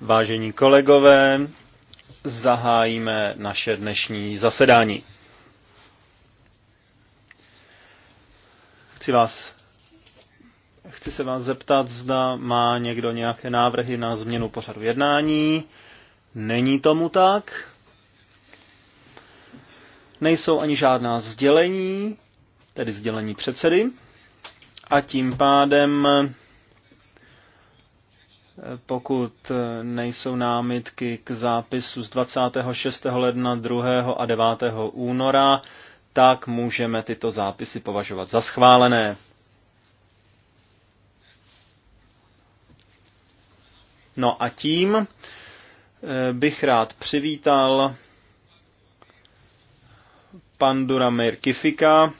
Vážení kolegové, zahájíme naše dnešní zasedání. Chci vás chci se vás zeptat, zda má někdo nějaké návrhy na změnu pořadu jednání. Není tomu tak. Nejsou ani žádná sdělení, tedy sdělení předsedy. A tím pádem pokud nejsou námitky k zápisu z 26. ledna, 2. a 9. února, tak můžeme tyto zápisy považovat za schválené. No a tím eh, bych rád přivítal Pandura Mirkifika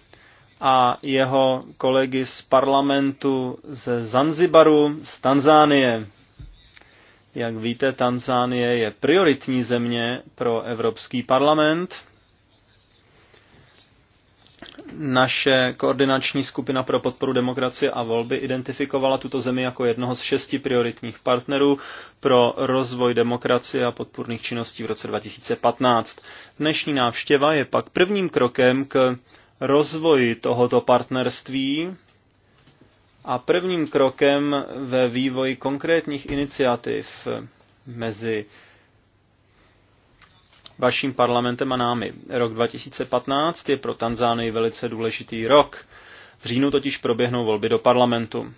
a jeho kolegy z parlamentu ze Zanzibaru z Tanzánie. Jak víte, Tanzánie je prioritní země pro Evropský parlament. Naše koordinační skupina pro podporu demokracie a volby identifikovala tuto zemi jako jednoho z šesti prioritních partnerů pro rozvoj demokracie a podpůrných činností v roce 2015. Dnešní návštěva je pak prvním krokem k rozvoji tohoto partnerství a prvním krokem ve vývoji konkrétních iniciativ mezi vaším parlamentem a námi. Rok 2015 je pro Tanzánii velice důležitý rok. V říjnu totiž proběhnou volby do parlamentu.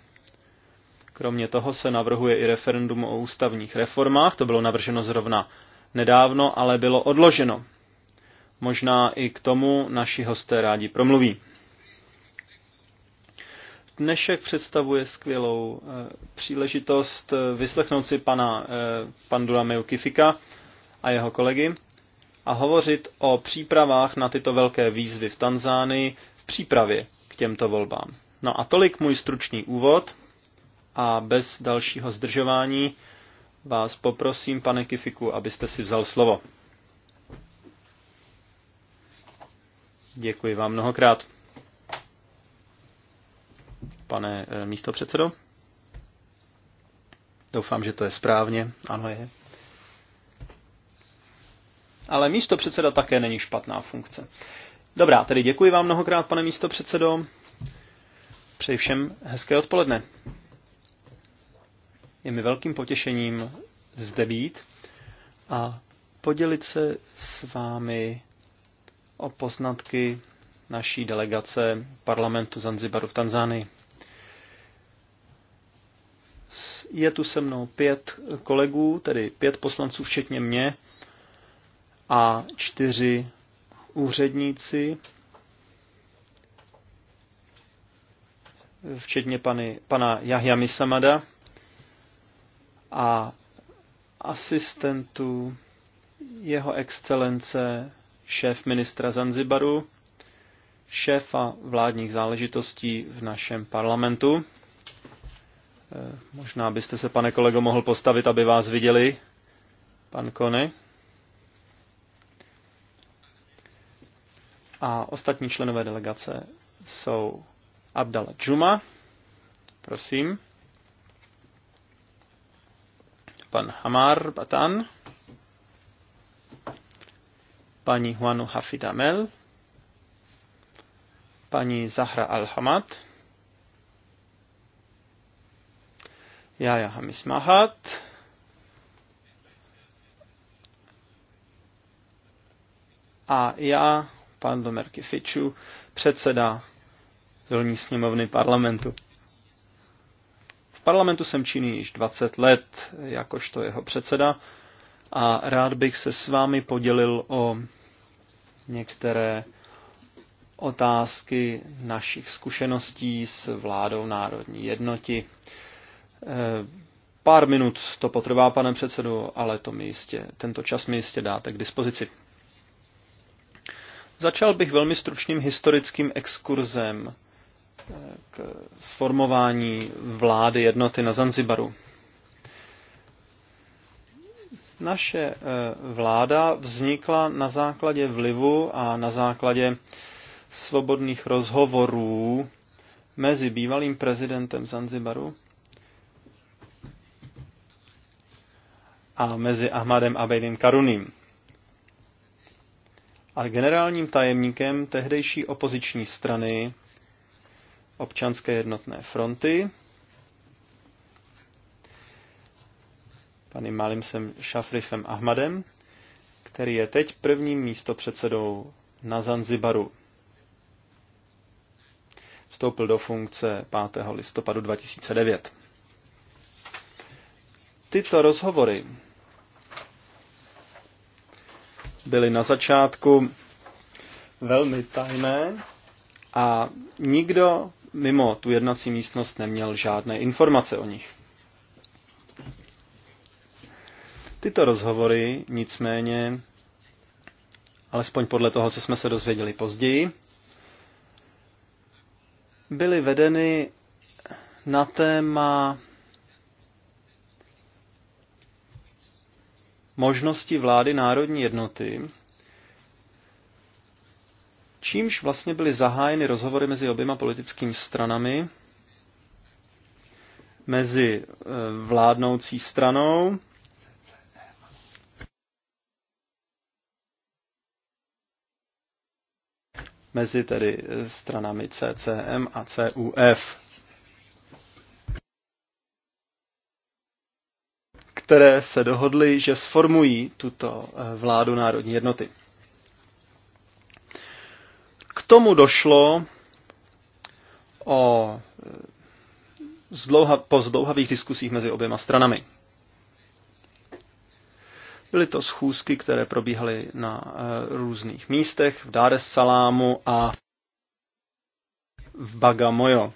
Kromě toho se navrhuje i referendum o ústavních reformách, to bylo navrženo zrovna nedávno, ale bylo odloženo. Možná i k tomu naši hosté rádi promluví. Dnešek představuje skvělou eh, příležitost eh, vyslechnout si pana eh, Pandura Meukifika a jeho kolegy a hovořit o přípravách na tyto velké výzvy v Tanzánii v přípravě k těmto volbám. No a tolik můj stručný úvod a bez dalšího zdržování vás poprosím, pane Kifiku, abyste si vzal slovo. Děkuji vám mnohokrát pane eh, místo předsedo. Doufám, že to je správně. Ano, je. Ale místo předseda také není špatná funkce. Dobrá, tedy děkuji vám mnohokrát, pane místo předsedo. Přeji všem hezké odpoledne. Je mi velkým potěšením zde být a podělit se s vámi o poznatky naší delegace parlamentu Zanzibaru v Tanzánii je tu se mnou pět kolegů, tedy pět poslanců včetně mě a čtyři úředníci, včetně pany, pana Jahja Misamada a asistentu jeho excelence šéf ministra Zanzibaru, šéfa vládních záležitostí v našem parlamentu Eh, možná byste se, pane kolego, mohl postavit, aby vás viděli. Pan Kony. A ostatní členové delegace jsou Abdala Džuma, prosím, pan Hamar Batan, paní Juanu Hafidamel, paní Zahra Alhamad. hamad Jāja Hamismahat. A já, pan Domerky Fiču, předseda dolní sněmovny parlamentu. V parlamentu jsem činný již 20 let, jakožto jeho předseda, a rád bych se s vámi podělil o některé otázky našich zkušeností s vládou národní jednoty. Eh, pár minut to potrvá, pane předsedu, ale to mi jistě, tento čas mi jistě dáte k dispozici. Začal bych velmi stručným historickým exkurzem eh, k sformování vlády jednoty na Zanzibaru. Naše eh, vláda vznikla na základě vlivu a na základě svobodných rozhovorů mezi bývalým prezidentem Zanzibaru a mezi Ahmadem a Bejdin Karuním. A generálním tajemníkem tehdejší opoziční strany občanské jednotné fronty, panem Malimsem Šafrifem Ahmadem, který je teď prvním místopředsedou na Zanzibaru. Vstoupil do funkce 5. listopadu 2009. Tyto rozhovory byly na začátku velmi tajné a nikdo mimo tu jednací místnost neměl žádné informace o nich. Tyto rozhovory nicméně, alespoň podle toho, co jsme se dozvěděli později, byly vedeny na téma možnosti vlády národní jednoty, čímž vlastně byly zahájeny rozhovory mezi oběma politickými stranami, mezi e, vládnoucí stranou mezi tedy stranami CCM a CUF. které se dohodly, že sformují tuto eh, vládu národní jednoty. K tomu došlo o eh, zdlouha, po zdlouhavých diskusích mezi oběma stranami. Byly to schůzky, které probíhaly na eh, různých místech, v Dáres Salámu Salamu a v Bagamoyo.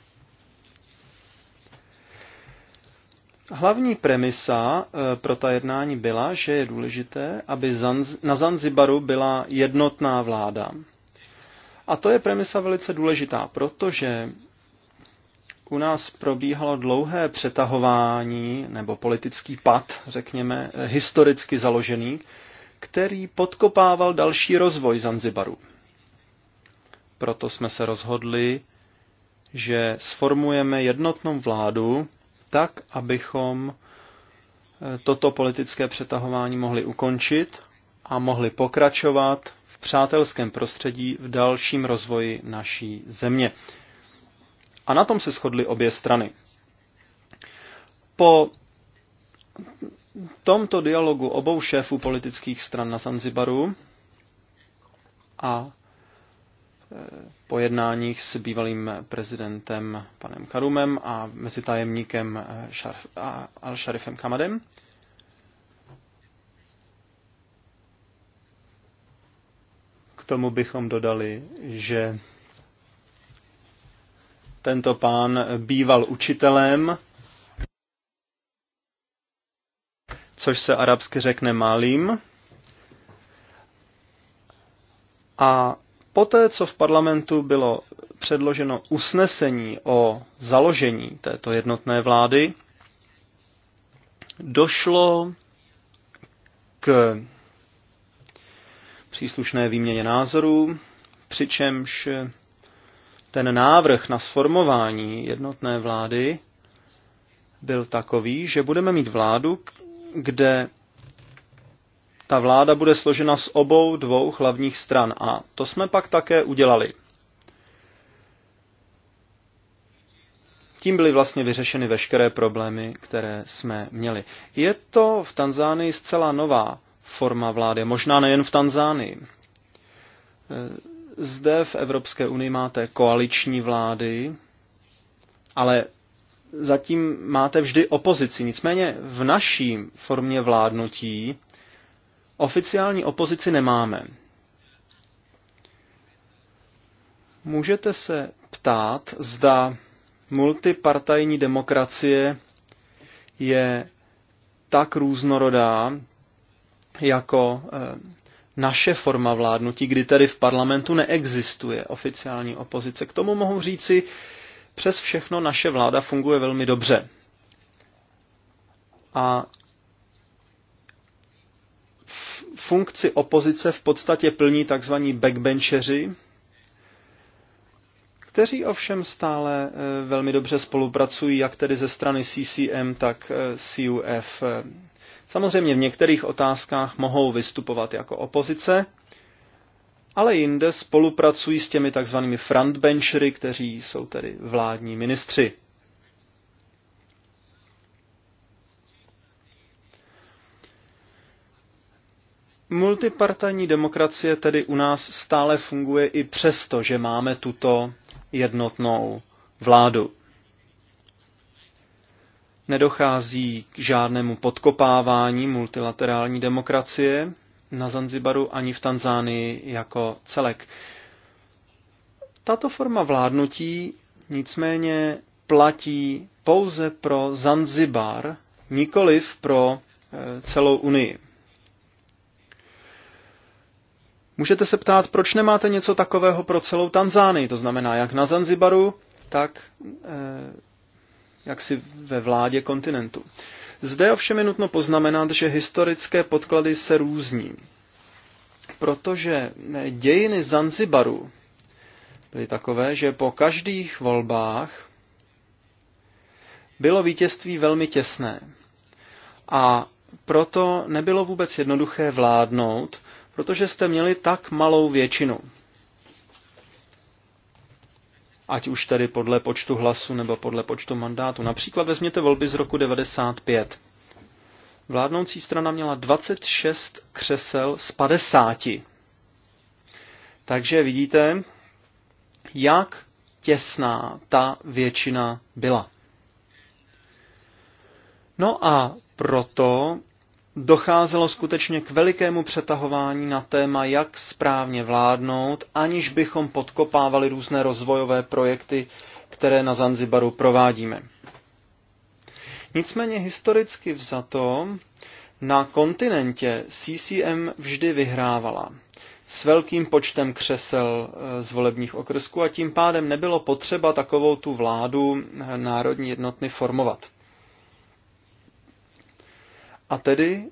Hlavní premisa eh, pro ta jednání byla, že je důležité, aby na Zanzibaru byla jednotná vláda. A to je premisa velice důležitá, protože u nás probíhalo dlouhé přetahování nebo politický pad, řekněme, eh, historicky založený, který podkopával další rozvoj Zanzibaru. Proto jsme se rozhodli, že sformujeme jednotnou vládu, tak, abychom eh, toto politické přetahování mohli ukončit a mohli pokračovat v přátelském prostředí v dalším rozvoji naší země. A na tom se shodly obě strany. Po tomto dialogu obou šéfů politických stran na Zanzibaru a po jednáních s bývalým prezidentem panem Karumem a mezi tajemníkem eh, Al-Sharifem Kamadem. K tomu bychom dodali, že tento pán býval učitelem, což se arabsky řekne malým. A Poté, co v parlamentu bylo předloženo usnesení o založení této jednotné vlády, došlo k příslušné výměně názorů, přičemž ten návrh na sformování jednotné vlády byl takový, že budeme mít vládu, kde ta vláda bude složena z obou dvou hlavních stran a to jsme pak také udělali. Tím byly vlastně vyřešeny veškeré problémy, které jsme měli. Je to v Tanzánii zcela nová forma vlády, možná nejen v Tanzánii. E, zde v Evropské unii máte koaliční vlády, ale zatím máte vždy opozici. Nicméně v naší formě vládnutí Oficiální opozici nemáme. Můžete se ptát, zda multipartajní demokracie je tak různorodá jako eh, naše forma vládnutí, kdy tedy v parlamentu neexistuje oficiální opozice. K tomu mohu říci, přes všechno naše vláda funguje velmi dobře. A funkci opozice v podstatě plní tzv. backbencheři, kteří ovšem stále eh, velmi dobře spolupracují, jak tedy ze strany CCM, tak eh, CUF. Samozřejmě v některých otázkách mohou vystupovat jako opozice, ale jinde spolupracují s těmi takzvanými frontbenchery, kteří jsou tedy vládní ministři. Multipartajní demokracie tedy u nás stále funguje i přesto, že máme tuto jednotnou vládu. Nedochází k žádnému podkopávání multilaterální demokracie na Zanzibaru ani v Tanzánii jako celek. Tato forma vládnutí nicméně platí pouze pro Zanzibar, nikoliv pro eh, celou Unii. Můžete se ptát, proč nemáte něco takového pro celou Tanzánii, to znamená jak na Zanzibaru, tak eh, jak si ve vládě kontinentu. Zde ovšem je nutno poznamenat, že historické podklady se různí, protože eh, dějiny Zanzibaru byly takové, že po každých volbách bylo vítězství velmi těsné. A proto nebylo vůbec jednoduché vládnout, protože jste měli tak malou většinu. Ať už tedy podle počtu hlasů nebo podle počtu mandátu. Například vezměte volby z roku 95. Vládnoucí strana měla 26 křesel z 50. Takže vidíte, jak těsná ta většina byla. No a proto docházelo skutečně k velikému přetahování na téma, jak správně vládnout, aniž bychom podkopávali různé rozvojové projekty, které na Zanzibaru provádíme. Nicméně historicky vzato, na kontinentě CCM vždy vyhrávala s velkým počtem křesel eh, z volebních okrsků a tím pádem nebylo potřeba takovou tu vládu eh, národní jednotny formovat. A tedy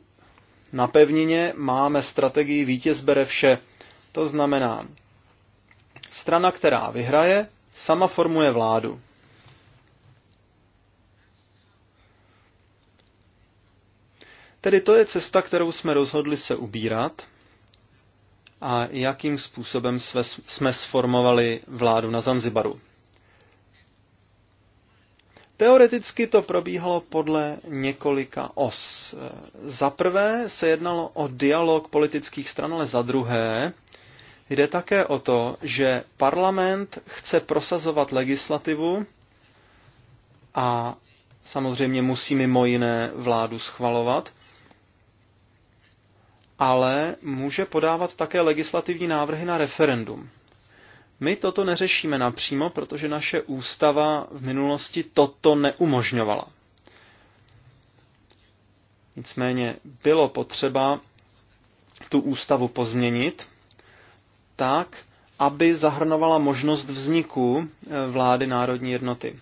na pevnině máme strategii vítěz bere vše. To znamená, strana, která vyhraje, sama formuje vládu. Tedy to je cesta, kterou jsme rozhodli se ubírat a jakým způsobem jsme sformovali vládu na Zanzibaru. Teoreticky to probíhalo podle několika os. Za prvé se jednalo o dialog politických stran, ale za druhé jde také o to, že parlament chce prosazovat legislativu a samozřejmě musí mimo jiné vládu schvalovat, ale může podávat také legislativní návrhy na referendum. My toto neřešíme napřímo, protože naše ústava v minulosti toto neumožňovala. Nicméně bylo potřeba tu ústavu pozměnit tak, aby zahrnovala možnost vzniku eh, vlády národní jednoty.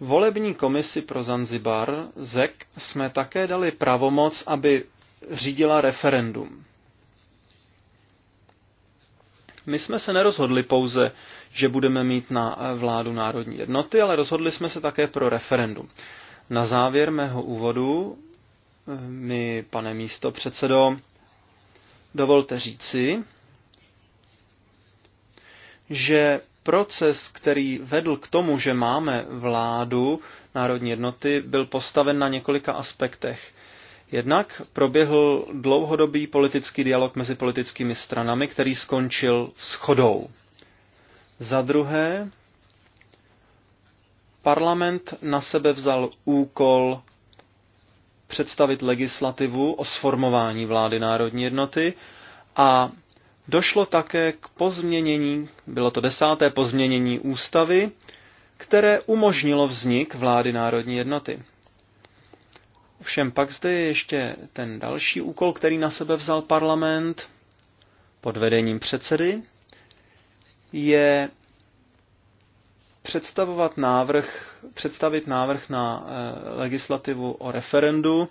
Volební komisi pro Zanzibar, ZEK, jsme také dali pravomoc, aby řídila referendum. My jsme se nerozhodli pouze, že budeme mít na vládu národní jednoty, ale rozhodli jsme se také pro referendum. Na závěr mého úvodu eh, mi, pane místo předsedo, dovolte říci, že proces, který vedl k tomu, že máme vládu národní jednoty, byl postaven na několika aspektech. Jednak proběhl dlouhodobý politický dialog mezi politickými stranami, který skončil schodou. Za druhé, parlament na sebe vzal úkol představit legislativu o sformování vlády národní jednoty a došlo také k pozměnění, bylo to desáté pozměnění ústavy, které umožnilo vznik vlády národní jednoty. Ovšem pak zde je ještě ten další úkol, který na sebe vzal parlament pod vedením předsedy, je představovat návrh, představit návrh na eh, legislativu o referendu,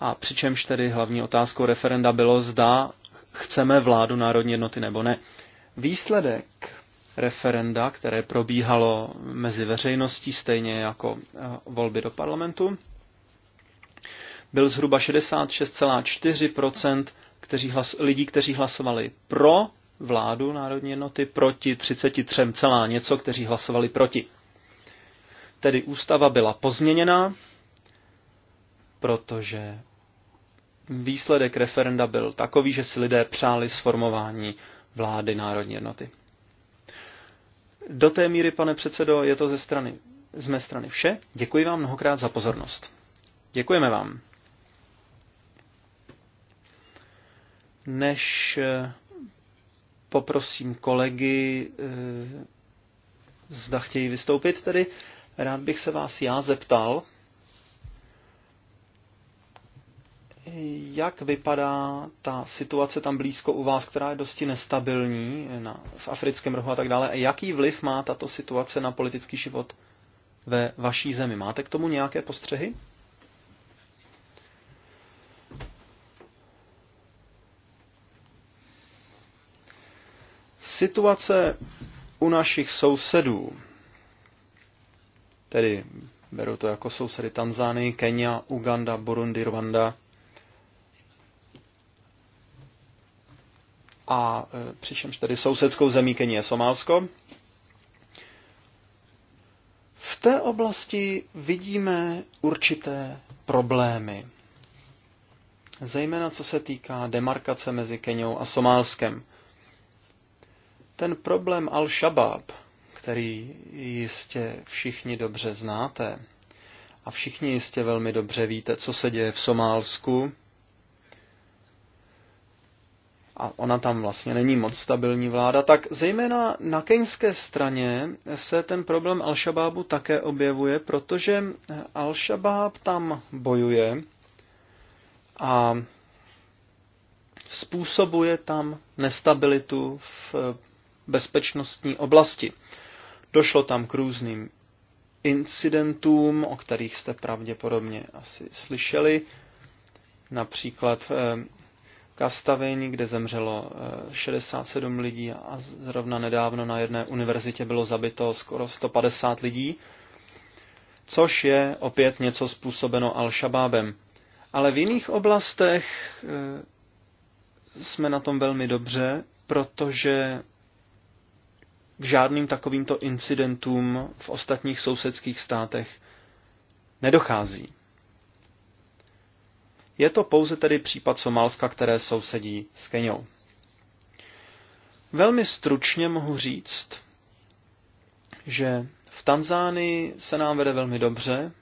a přičemž tedy hlavní otázkou referenda bylo, zda chceme vládu národní jednoty nebo ne. Výsledek referenda, které probíhalo mezi veřejností, stejně jako eh, volby do parlamentu, byl zhruba 66,4 kteří hlas, lidí, kteří hlasovali pro vládu národní jednoty, proti 33, něco, kteří hlasovali proti. Tedy ústava byla pozměněná, protože výsledek referenda byl takový, že si lidé přáli sformování vlády národní jednoty. Do té míry, pane předsedo, je to ze strany, z mé strany vše. Děkuji vám mnohokrát za pozornost. Děkujeme vám. Než eh, poprosím kolegy, eh, zda chtějí vystoupit tedy, rád bych se vás já zeptal, jak vypadá ta situace tam blízko u vás, která je dosti nestabilní na, v africkém rohu a tak dále. A Jaký vliv má tato situace na politický život ve vaší zemi? Máte k tomu nějaké postřehy? Situace u našich sousedů, tedy beru to jako sousedy Tanzány, Kenia, Uganda, Burundi, Rwanda, a e, přičemž tedy sousedskou zemí Kenie je Somálsko. V té oblasti vidíme určité problémy, zejména co se týká demarkace mezi Keniou a Somálskem. Ten problém Al-Shabaab, který jistě všichni dobře znáte, a všichni jistě velmi dobře víte, co se děje v Somálsku, a ona tam vlastně není moc stabilní vláda, tak zejména na keňské straně se ten problém Al-Shabaabu také objevuje, protože Al-Shabaab tam bojuje a způsobuje tam nestabilitu v bezpečnostní oblasti. Došlo tam k různým incidentům, o kterých jste pravděpodobně asi slyšeli, například eh, Kastavení, kde zemřelo 67 eh, lidí a zrovna nedávno na jedné univerzitě bylo zabito skoro 150 lidí, což je opět něco způsobeno Al-Shabaabem. Ale v jiných oblastech eh, jsme na tom velmi dobře, protože k žádným takovýmto incidentům v ostatních sousedských státech nedochází. Je to pouze tedy případ Somálska, které sousedí s Keniou. Velmi stručně mohu říct, že v Tanzánii se nám vede velmi dobře,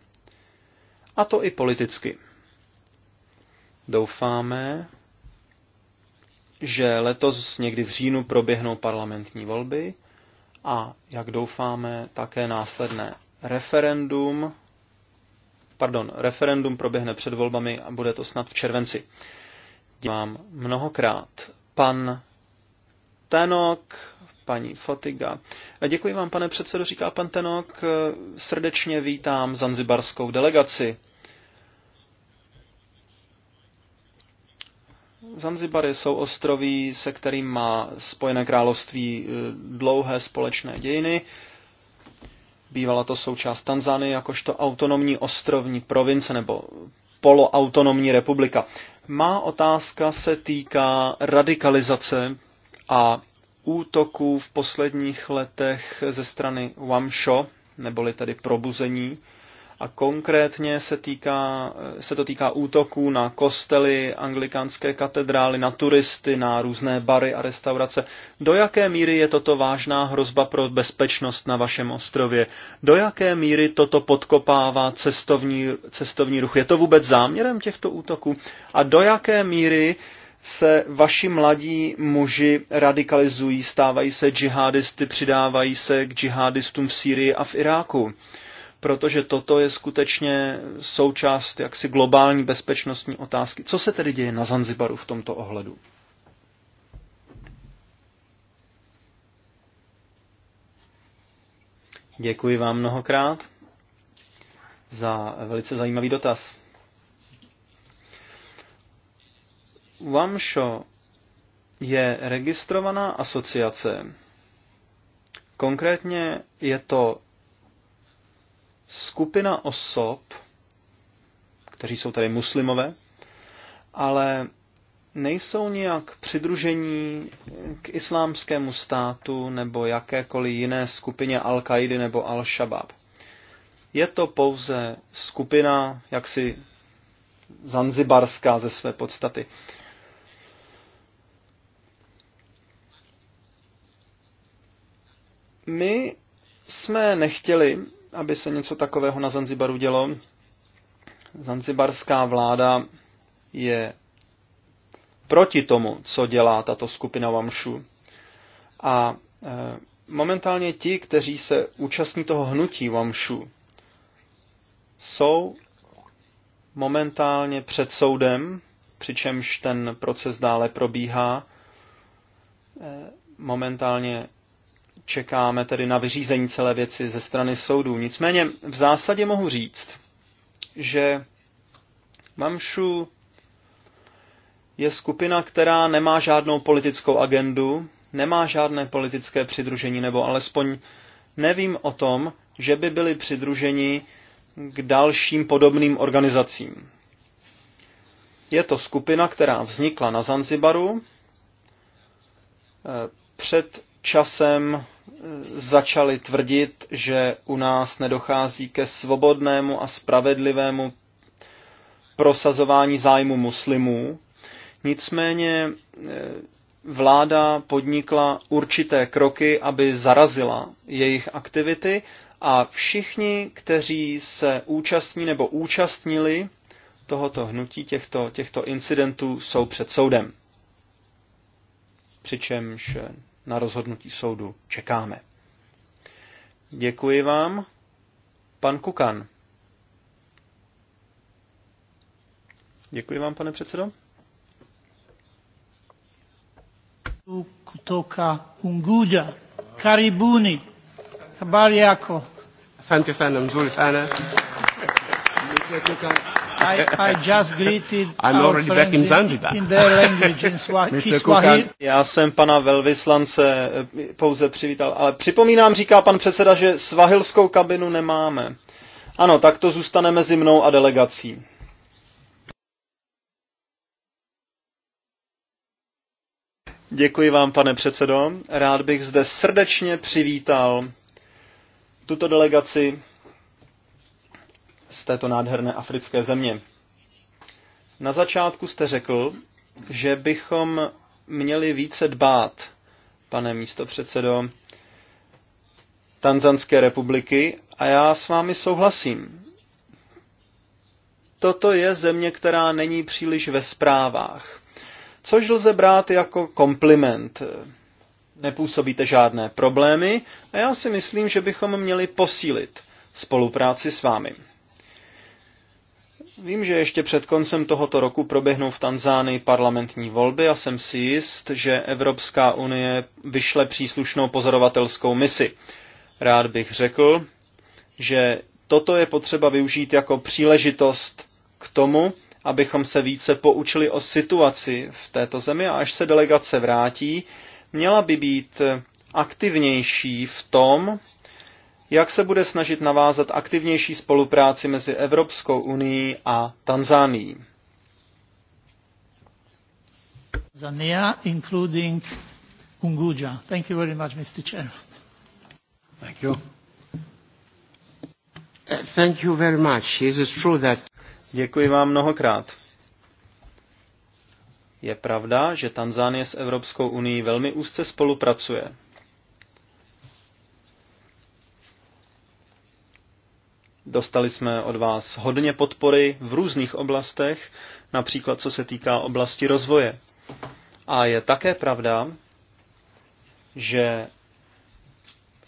a to i politicky. Doufáme, že letos někdy v říjnu proběhnou parlamentní volby a, jak doufáme, také následné referendum pardon, referendum proběhne před volbami a bude to snad v červenci. Děkuji mnohokrát. Pan Tenok, paní Fotiga. Děkuji vám, pane předsedo, říká pan Tenok. Srdečně vítám zanzibarskou delegaci. Zanzibary jsou ostroví, se kterým má Spojené království eh, dlouhé společné dějiny. Bývala to součást Tanzánie jakožto autonomní ostrovní province nebo poloautonomní republika. Má otázka se týká radikalizace a útoků v posledních letech ze strany Wamsho, neboli tedy probuzení, a konkrétně se, týká, se to týká útoků na kostely, anglikánské katedrály, na turisty, na různé bary a restaurace. Do jaké míry je toto vážná hrozba pro bezpečnost na vašem ostrově? Do jaké míry toto podkopává cestovní, cestovní ruch? Je to vůbec záměrem těchto útoků? A do jaké míry se vaši mladí muži radikalizují, stávají se džihadisty, přidávají se k džihadistům v Sýrii a v Iráku? protože toto je skutečně součást jaksi globální bezpečnostní otázky. Co se tedy děje na Zanzibaru v tomto ohledu? Děkuji vám mnohokrát za velice zajímavý dotaz. Vamšo je registrovaná asociace. Konkrétně je to skupina osob, kteří jsou tady muslimové, ale nejsou nijak přidružení k islámskému státu nebo jakékoliv jiné skupině al kaidy nebo Al-Shabaab. Je to pouze skupina jaksi zanzibarská ze své podstaty. My jsme nechtěli, aby se něco takového na Zanzibaru dělo. Zanzibarská vláda je proti tomu, co dělá tato skupina Vamšu. A e, momentálně ti, kteří se účastní toho hnutí Vamšu, jsou momentálně před soudem, přičemž ten proces dále probíhá. E, momentálně Čekáme tedy na vyřízení celé věci ze strany soudů. Nicméně v zásadě mohu říct, že Mamšu je skupina, která nemá žádnou politickou agendu, nemá žádné politické přidružení, nebo alespoň nevím o tom, že by byli přidruženi k dalším podobným organizacím. Je to skupina, která vznikla na Zanzibaru eh, před časem začali tvrdit, že u nás nedochází ke svobodnému a spravedlivému prosazování zájmu muslimů. Nicméně e, vláda podnikla určité kroky, aby zarazila jejich aktivity a všichni, kteří se účastní nebo účastnili tohoto hnutí, těchto, těchto incidentů, jsou před soudem. Přičemž na rozhodnutí soudu čekáme. Děkuji vám. Pan Kukan. Děkuji vám, pane předsedo. Kutoka Unguja, Karibuni, habari yako? Asante sana, mzuri i, I just greeted I'm already back in Zanzibar. In their language, in Swahili. Já jsem pana velvyslance eh, pouze přivítal, ale připomínám, říká pan předseda, že svahilskou kabinu nemáme. Ano, tak to zůstane mezi mnou a delegací. Děkuji vám, pane předsedo. Rád bych zde srdečně přivítal tuto delegaci z této nádherné africké země. Na začátku jste řekl, že bychom měli více dbát, pane místopředsedo Tanzanské republiky, a já s vámi souhlasím. Toto je země, která není příliš ve zprávách, což lze brát jako kompliment. Nepůsobíte žádné problémy a já si myslím, že bychom měli posílit spolupráci s vámi. Vím, že ještě před koncem tohoto roku proběhnou v Tanzánii parlamentní volby a jsem si jist, že Evropská unie vyšle příslušnou pozorovatelskou misi. Rád bych řekl, že toto je potřeba využít jako příležitost k tomu, abychom se více poučili o situaci v této zemi a až se delegace vrátí, měla by být aktivnější v tom, jak se bude snažit navázat aktivnější spolupráci mezi Evropskou unii a Tanzánií. Tanzania, including Unguja. Thank you very much, Mr. Chair. Thank you. Uh, thank you very much. It is true that... Děkuji vám mnohokrát. Je pravda, že Tanzánie s Evropskou unii velmi úzce spolupracuje. Dostali jsme od vás hodně podpory v různých oblastech, například co se týká oblasti rozvoje. A je také pravda, že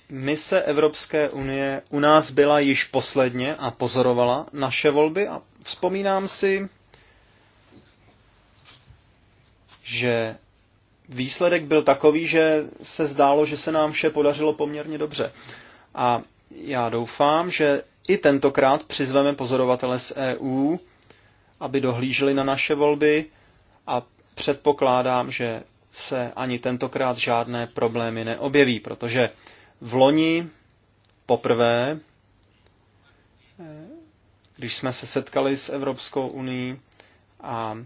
mise Evropské unie u nás byla již posledně a pozorovala naše volby a vzpomínám si, že výsledek byl takový, že se zdálo, že se nám vše podařilo poměrně dobře. A já doufám, že i tentokrát přizveme pozorovatele z EU, aby dohlíželi na naše volby a předpokládám, že se ani tentokrát žádné problémy neobjeví, protože v loni poprvé, eh, když jsme se setkali s Evropskou unii a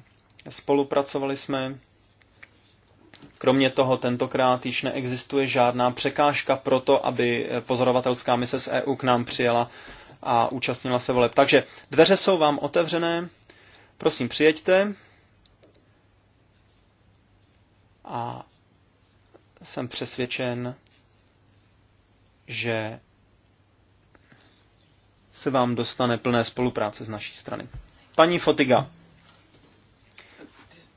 spolupracovali jsme, kromě toho tentokrát již neexistuje žádná překážka pro to, aby eh, pozorovatelská mise z EU k nám přijela a účastnila se voleb. Takže dveře jsou vám otevřené, prosím přijeďte a jsem přesvědčen, že se vám dostane plné spolupráce z naší strany. Paní Fotiga.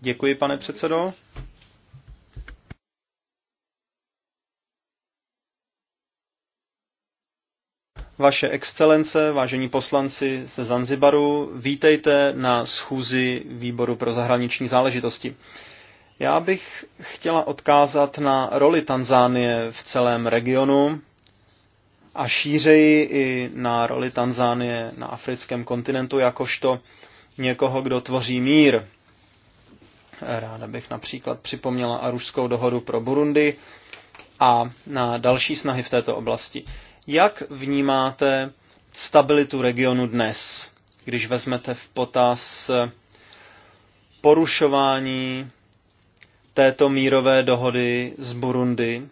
Děkuji, pane předsedo. Vaše excelence, vážení poslanci ze Zanzibaru, vítejte na schůzi Výboru pro zahraniční záležitosti. Já bych chtěla odkázat na roli Tanzánie v celém regionu a šířeji i na roli Tanzánie na africkém kontinentu jakožto někoho, kdo tvoří mír. Ráda bych například připomněla Aružskou dohodu pro Burundi a na další snahy v této oblasti. Jak vnímáte stabilitu regionu dnes, když vezmete v potaz porušování této mírové dohody z Burundi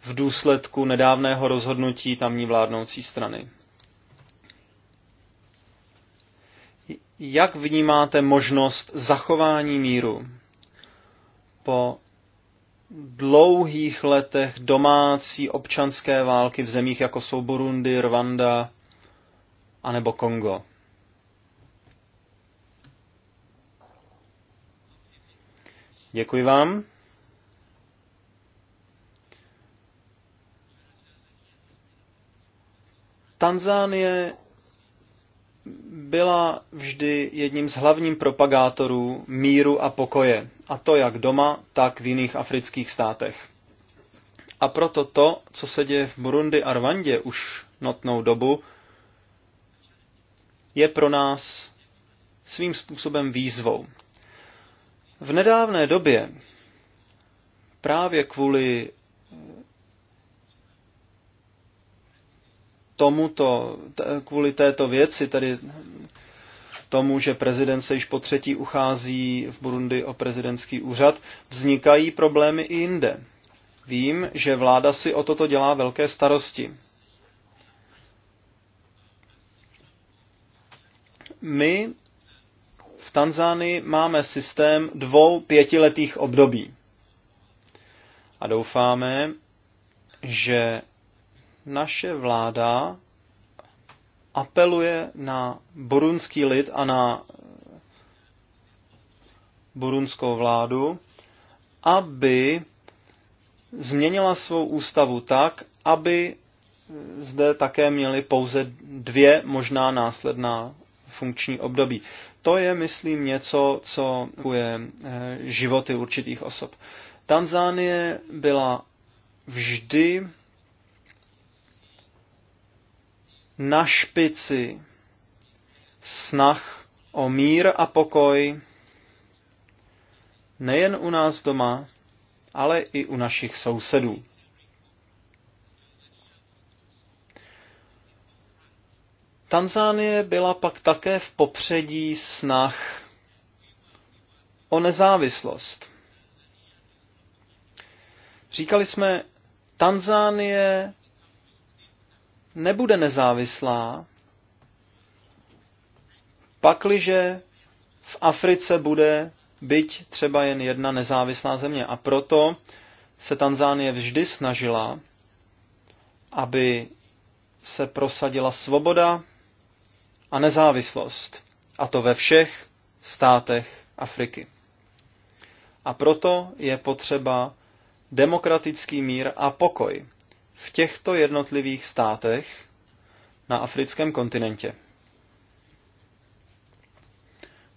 v důsledku nedávného rozhodnutí tamní vládnoucí strany. Jak vnímáte možnost zachování míru po dlouhých letech domácí občanské války v zemích jako jsou Burundi, Rwanda anebo Kongo. Děkuji vám. Tanzánie byla vždy jedním z hlavním propagátorů míru a pokoje, a to jak doma, tak v jiných afrických státech. A proto to, co se děje v Burundi a Rwandě už notnou dobu, je pro nás svým způsobem výzvou. V nedávné době právě kvůli tomuto, kvůli této věci, tedy tomu, že prezident se již po třetí uchází v Burundi o prezidentský úřad, vznikají problémy i jinde. Vím, že vláda si o toto dělá velké starosti. My v Tanzánii máme systém dvou pětiletých období. A doufáme, že naše vláda apeluje na burunský lid a na eh, burunskou vládu, aby změnila svou ústavu tak, aby eh, zde také měli pouze dvě možná následná funkční období. To je, myslím, něco, co je eh, životy určitých osob. Tanzánie byla vždy na špici snah o mír a pokoj nejen u nás doma, ale i u našich sousedů. Tanzánie byla pak také v popředí snah o nezávislost. Říkali jsme, Tanzánie nebude nezávislá, pakliže v Africe bude byť třeba jen jedna nezávislá země. A proto se Tanzánie vždy snažila, aby se prosadila svoboda a nezávislost. A to ve všech státech Afriky. A proto je potřeba demokratický mír a pokoj v těchto jednotlivých státech na africkém kontinentě.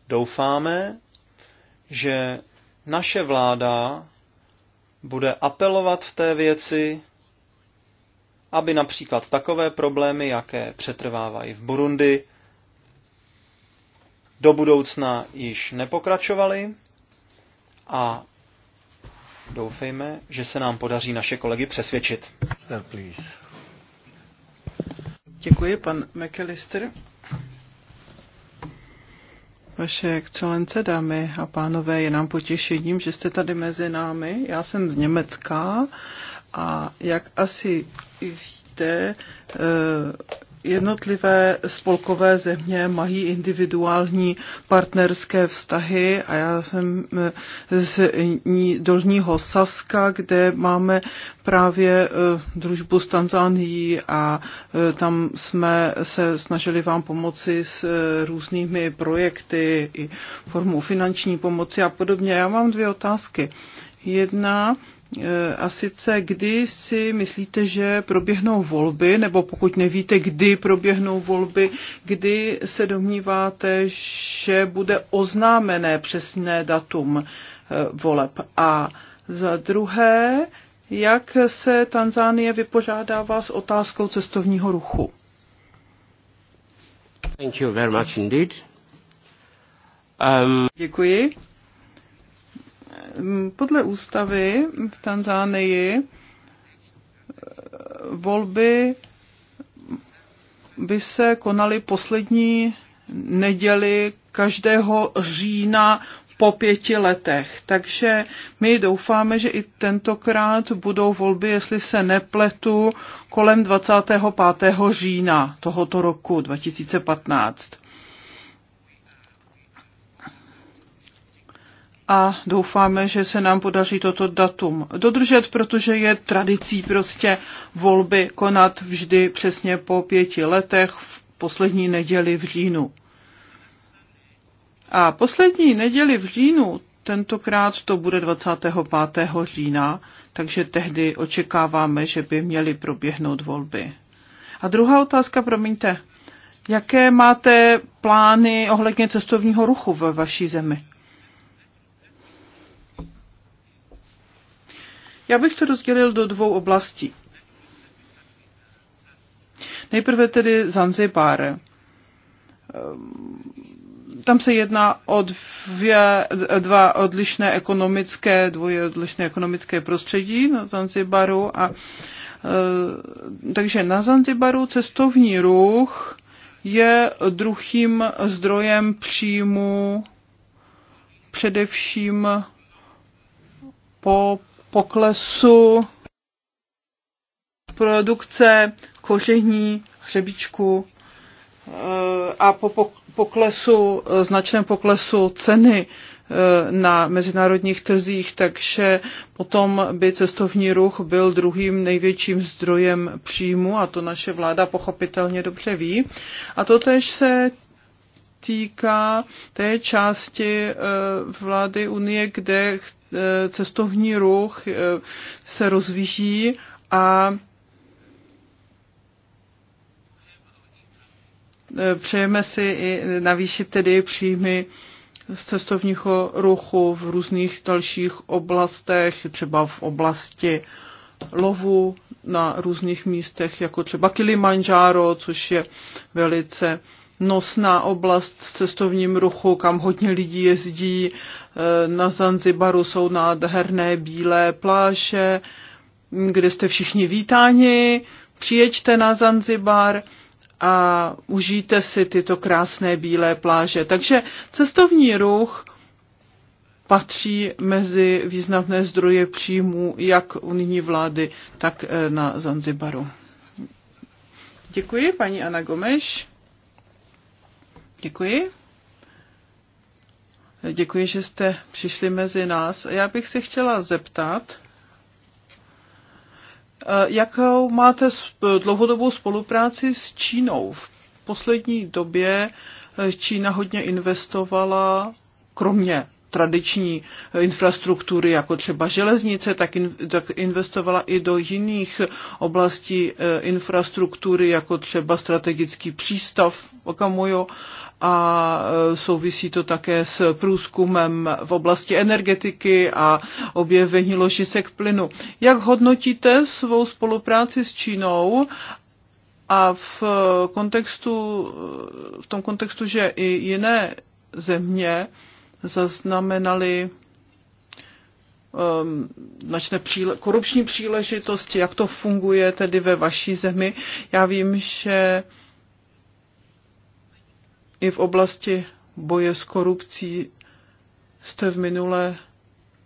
Doufáme, že naše vláda bude apelovat v té věci, aby například takové problémy, jaké přetrvávají v Burundi, do budoucna již nepokračovaly a Doufejme, že se nám podaří naše kolegy přesvědčit. Děkuji, pan McAllister. Vaše excelence, dámy a pánové, je nám potěšením, že jste tady mezi námi. Já jsem z Německa a jak asi víte, eh, jednotlivé spolkové země mají individuální partnerské vztahy a já jsem eh, z Dolního Saska, kde máme právě eh, družbu s Tanzánií a eh, tam jsme se snažili vám pomoci s různými projekty i formou finanční pomoci a podobně. Já mám dvě otázky. Jedna, E, a sice kdy si myslíte, že proběhnou volby, nebo pokud nevíte, kdy proběhnou volby, kdy se domníváte, že bude oznámené přesné datum e, voleb. A za druhé, jak se Tanzánie vypořádává s otázkou cestovního ruchu? Thank you very much indeed. Um... Děkuji. Podle ústavy v Tanzánii eh, volby by se konaly poslední neděli každého října po pěti letech. Takže my doufáme, že i tentokrát budou volby, jestli se nepletu, kolem 25. října tohoto roku 2015. a doufáme, že se nám podaří toto datum dodržet, protože je tradicí prostě volby konat vždy přesně po pěti letech v poslední neděli v říjnu. A poslední neděli v říjnu, tentokrát to bude 25. října, takže tehdy očekáváme, že by měly proběhnout volby. A druhá otázka, promiňte, jaké máte plány ohledně cestovního ruchu ve vaší zemi? Já bych to rozdělil do dvou oblastí. Nejprve tedy Zanzibáre. Ehm, tam se jedná o dvě, dva odlišné ekonomické, dvoje odlišné ekonomické prostředí na Zanzibaru a ehm, takže na Zanzibaru cestovní ruch je druhým zdrojem příjmu především po poklesu produkce koření, hřebičku eh, a po poklesu, eh, značném poklesu ceny eh, na mezinárodních trzích, takže potom by cestovní ruch byl druhým největším zdrojem příjmu a to naše vláda pochopitelně dobře ví. A to tež se týká té části eh, vlády Unie, kde eh, cestovní ruch eh, se rozvíjí a přejeme si i navýšit tedy příjmy z cestovního ruchu v různých dalších oblastech, třeba v oblasti lovu na různých místech, jako třeba Kilimanjaro, což je velice nosná oblast v cestovním ruchu, kam hodně lidí jezdí. E, na Zanzibaru jsou nádherné bílé pláže, kde jste všichni vítáni. Přijeďte na Zanzibar a užijte si tyto krásné bílé pláže. Takže cestovní ruch patří mezi významné zdroje příjmů jak unijní vlády, tak e, na Zanzibaru. Děkuji, paní Ana Gomeš. Děkuji. Děkuji, že jste přišli mezi nás. Já bych se chtěla zeptat, eh, jakou máte eh, dlouhodobou spolupráci s Čínou? V poslední době eh, Čína hodně investovala, kromě tradiční infrastruktury, jako třeba železnice, tak, in, tak investovala i do jiných oblastí eh, infrastruktury, jako třeba strategický přístav Okamujo a eh, souvisí to také s průzkumem v oblasti energetiky a objevení ložisek plynu. Jak hodnotíte svou spolupráci s Čínou a v eh, kontextu, v tom kontextu, že i jiné země zaznamenali um, značné příle- korupční příležitosti, jak to funguje tedy ve vaší zemi. Já vím, že i v oblasti boje s korupcí jste v minulé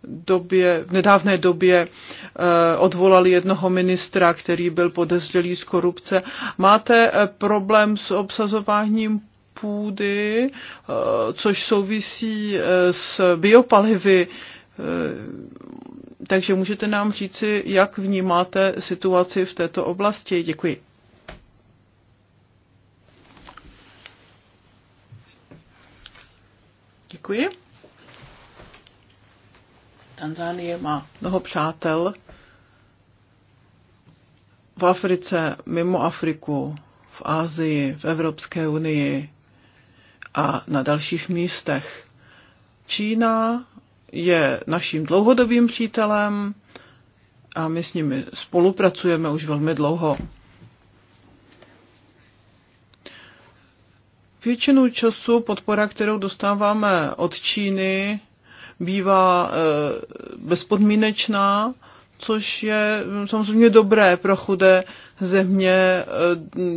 době, v nedávné době uh, odvolali jednoho ministra, který byl podezřelý z korupce. Máte uh, problém s obsazováním půdy, eh, což souvisí eh, s biopalivy. Eh, takže můžete nám říci, jak vnímáte situaci v této oblasti. Děkuji. Děkuji. Tanzánie má mnoho přátel v Africe, mimo Afriku, v Ázii, v Evropské unii a na dalších místech. Čína je naším dlouhodobým přítelem a my s nimi spolupracujeme už velmi dlouho. Většinu času podpora, kterou dostáváme od Číny, bývá eh, bezpodmínečná což je mm, samozřejmě dobré pro chudé země eh,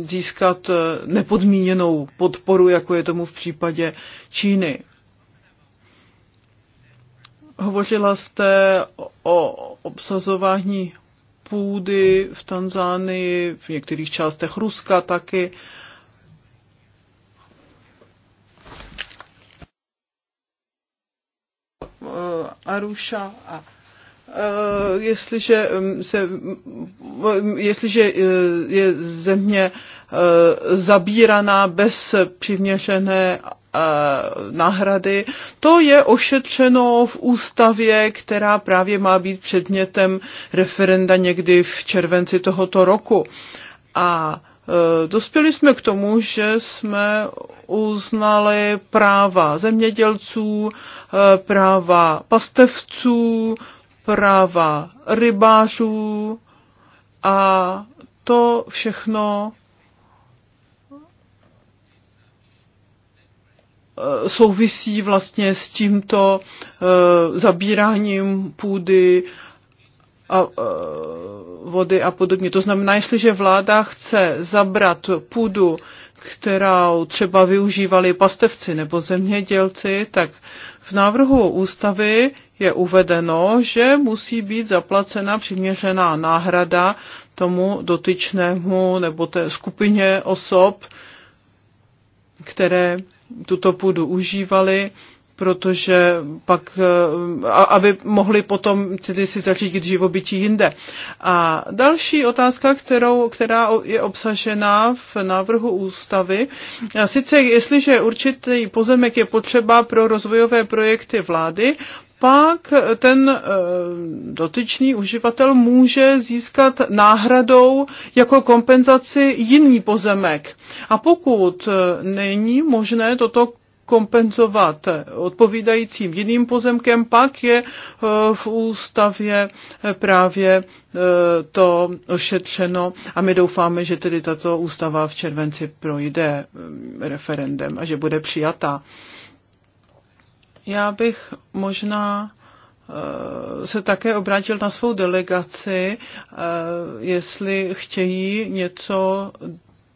získat eh, nepodmíněnou podporu, jako je tomu v případě Číny. Hovořila jste o obsazování půdy v Tanzánii, v některých částech Ruska taky. Eh, Aruša a Eh, jestliže, mm, se, mm, jestliže eh, je země eh, zabíraná bez přiměřené náhrady. To je ošetřeno v ústavě, která právě má být předmětem referenda někdy v červenci tohoto roku. A dospěli jsme k tomu, že jsme uznali práva zemědělců, práva pastevců, práva rybářů a to všechno eh, souvisí vlastně s tímto eh, zabíráním půdy, a vody a podobně. To znamená, jestliže vláda chce zabrat půdu, kterou třeba využívali pastevci nebo zemědělci, tak v návrhu ústavy je uvedeno, že musí být zaplacena přiměřená náhrada tomu dotyčnému nebo té skupině osob, které tuto půdu užívali protože pak, eh, aby mohli potom tedy si zařídit živobytí jinde. A další otázka, kterou, která je obsažená v návrhu ústavy, sice jestliže určitý pozemek je potřeba pro rozvojové projekty vlády, pak ten eh, dotyčný uživatel může získat náhradou jako kompenzaci jiný pozemek. A pokud eh, není možné toto kompenzovat odpovídajícím jiným pozemkem, pak je eh, v ústavě eh, právě eh, to ošetřeno a my doufáme, že tedy tato ústava v červenci projde mm, referendem a že bude přijatá. Já bych možná se také obrátil na svou delegaci, jestli chtějí něco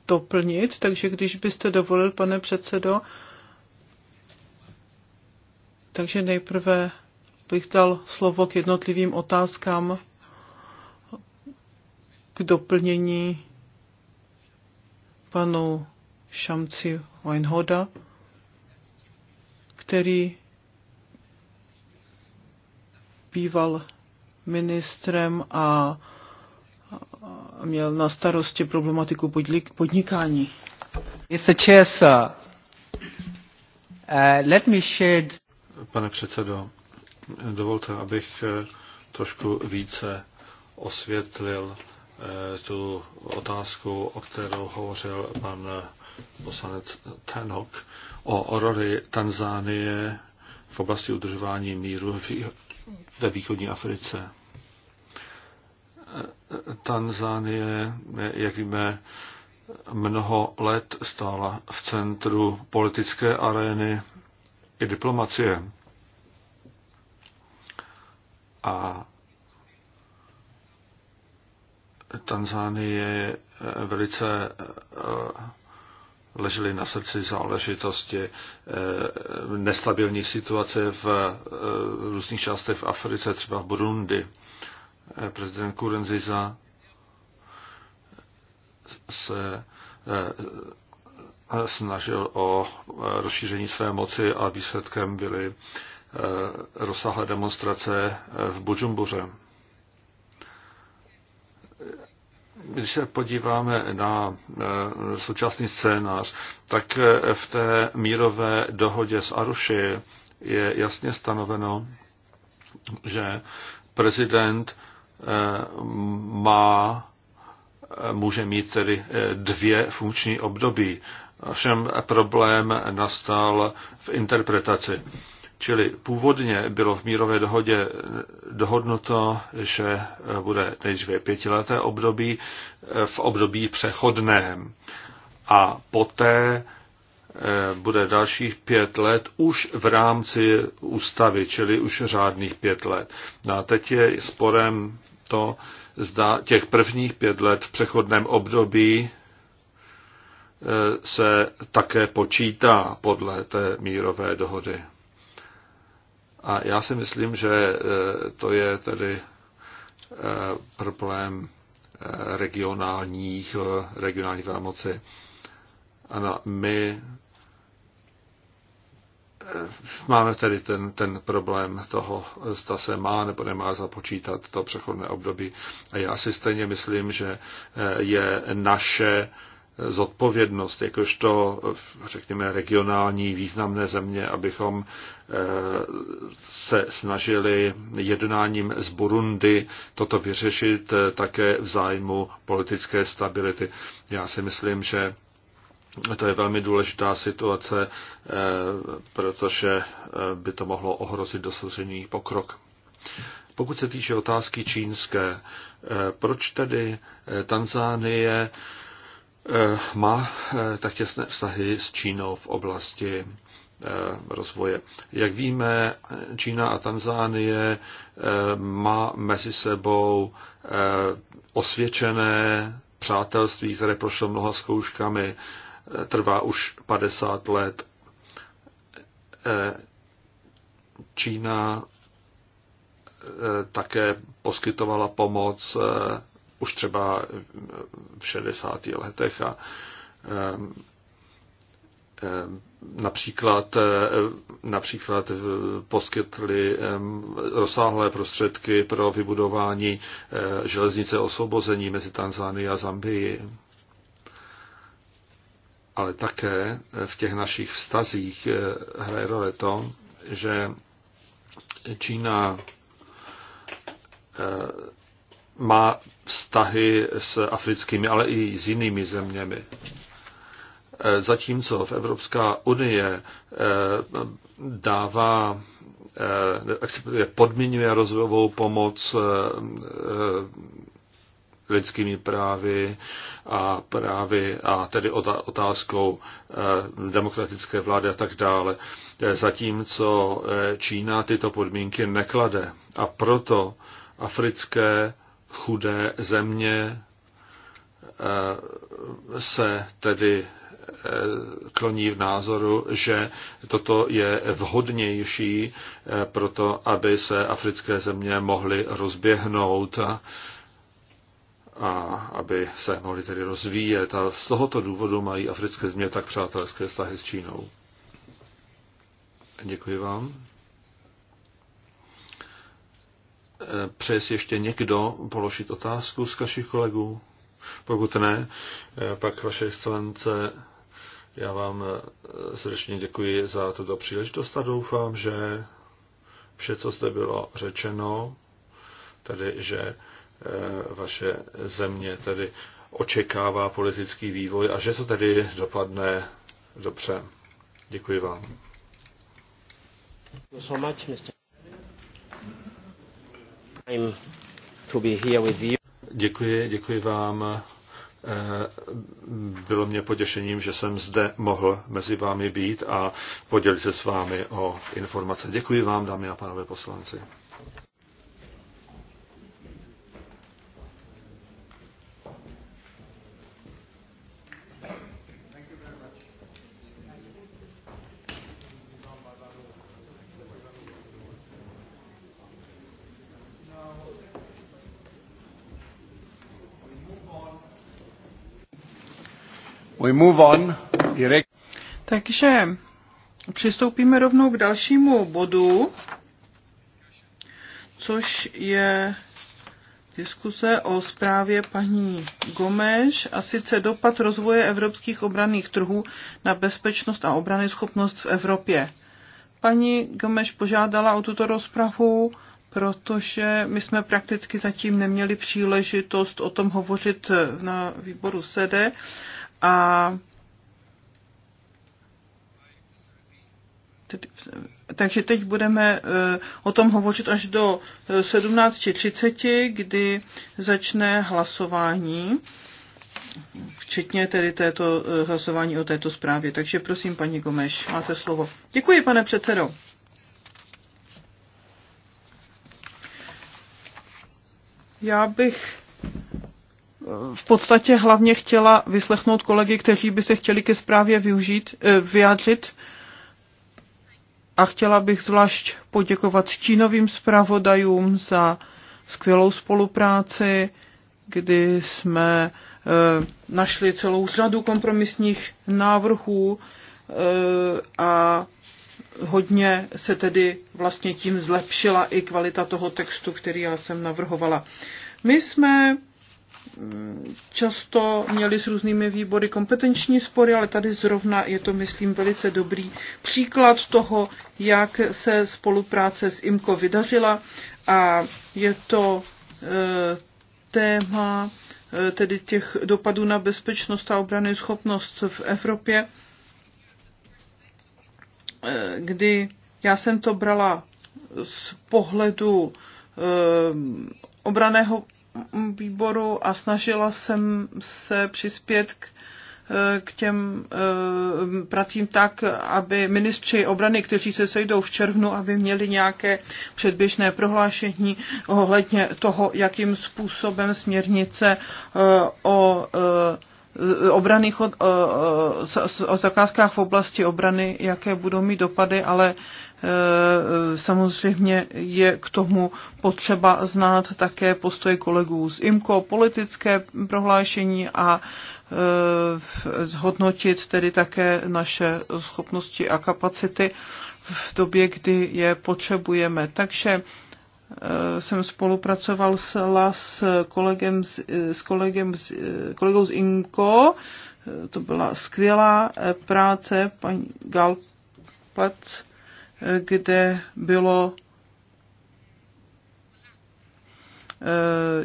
doplnit, takže když byste dovolil, pane předsedo, takže nejprve bych dal slovo k jednotlivým otázkám k doplnění panu Šamci Weinhoda, který býval ministrem a měl na starosti problematiku podnikání. Mr. Chair, sir, uh, let me shed Pane předsedo, dovolte, abych trošku více osvětlil eh, tu otázku, o kterou hovořil pan poslanec Tenok, o roli Tanzánie v oblasti udržování míru ve východní Africe. Eh, Tanzánie, jak víme, mnoho let stála v centru politické arény i diplomacie. A Tanzánie je velice eh, ležely na srdci záležitosti eh, nestabilní situace v eh, různých částech v Africe, třeba v Burundi. Prezident Kurenziza se snažil o e, rozšíření své moci a výsledkem byly e, rozsáhlé demonstrace e, v Bujumbuře. Když se podíváme na současný scénář, tak v té mírové dohodě s Aruši je jasně stanoveno, že prezident má, může mít tedy dvě funkční období. Ovšem problém nastal v interpretaci. Čili původně bylo v mírové dohodě dohodnuto, že bude nejdříve pětileté období eh, v období přechodném a poté eh, bude dalších pět let už v rámci ústavy, čili už řádných pět let. No a teď je sporem to, zda těch prvních pět let v přechodném období se také počítá podle té mírové dohody. A já si myslím, že e, to je tedy e, problém e, regionálních, regionálních velmoci. Ano, my máme tedy ten, ten problém toho, zda se má nebo nemá započítat to přechodné období. A já si stejně myslím, že je naše zodpovědnost, jakožto, řekněme, regionální významné země, abychom eh, se snažili jednáním z Burundi toto vyřešit eh, také v zájmu politické stability. Já si myslím, že to je velmi důležitá situace, eh, protože by to mohlo ohrozit dosažený pokrok. Pokud se týče otázky čínské, proč tedy Tanzánie Eh, má eh, tak těsné vztahy s Čínou v oblasti eh, rozvoje. Jak víme, Čína a Tanzánie má mezi sebou osvědčené přátelství, které prošlo mnoha zkouškami, trvá už 50 let. Čína také poskytovala pomoc už třeba v 60. letech a eh, eh, například, eh, například poskytli rozsáhlé prostředky pro vybudování železnice osvobození mezi Tanzánií a Zambii. Ale také v těch našich vztazích hraje role to, že Čína má vztahy s africkými, ale i s jinými zeměmi. E, zatímco v Evropská unie e, dává e, podmiňuje rozvojovou pomoc lidskými právy a právy a tedy otázkou demokratické vlády a tak dále. Zatímco Čína tyto podmínky neklade. A proto africké chudé země eh, se tedy eh, kloní v názoru, že toto je vhodnější eh, pro to, aby se africké země mohly rozběhnout a aby se mohly tedy rozvíjet. A z tohoto důvodu mají africké země tak přátelské vztahy s Čínou. Děkuji vám. Eh, přeje si ještě někdo položit otázku z vašich kolegů? Pokud ne, eh, pak vaše excelence, já vám eh, srdečně děkuji za tuto příležitost a doufám, že vše, co zde bylo řečeno, tedy že vaše země tedy očekává politický vývoj a že to tedy dopadne dobře. Děkuji vám. So much, Mr. Děkuji, děkuji vám. Eh, bylo mě potěšením, že jsem zde mohl mezi vámi být a podělit se s vámi o informace. Děkuji vám, dámy a pánové poslanci. Takže přistoupíme rovnou k dalšímu bodu, což je diskuse o zprávě paní Gomeš a sice dopad rozvoje evropských obranných trhů na bezpečnost a obrany schopnost v Evropě. Paní Gomeš požádala o tuto rozpravu, protože my jsme prakticky zatím neměli příležitost o tom hovořit na výboru SEDE a takže teď budeme eh, o tom hovořit až do 17.30, eh, kdy začne hlasování, včetně tedy této eh, hlasování o této zprávě. Takže prosím, paní Gomeš, máte slovo. Děkuji, pane předsedo. Já bych v podstatě hlavně chtěla vyslechnout kolegy, kteří by se chtěli ke zprávě využít, eh, vyjádřit. A chtěla bych zvlášť poděkovat stínovým zpravodajům za skvělou spolupráci, kdy jsme eh, našli celou řadu kompromisních návrhů eh, a hodně se tedy vlastně tím zlepšila i kvalita toho textu, který já jsem navrhovala. My jsme často měli s různými výbory kompetenční spory, ale tady zrovna je to, myslím, velice dobrý příklad toho, jak se spolupráce s IMCO vydařila a je to e, téma e, tedy těch dopadů na bezpečnost a obrany schopnost v Evropě, e, kdy já jsem to brala z pohledu e, obraného výboru a snažila jsem se přispět k eh, k těm eh, pracím tak, aby ministři obrany, kteří se sejdou v červnu, aby měli nějaké předběžné prohlášení ohledně toho, jakým způsobem směrnice eh, o e, obraných o, o, o zakázkách v oblasti obrany, jaké budou mít dopady, ale Eh, samozřejmě je k tomu potřeba znát také postoje kolegů z IMCO, politické prohlášení a eh, zhodnotit tedy také naše schopnosti a kapacity v době, kdy je potřebujeme. Takže eh, jsem spolupracoval s, kolegem, s, kolegem, s kolegou z INKO, to byla skvělá práce, paní Galplec, kde bylo eh,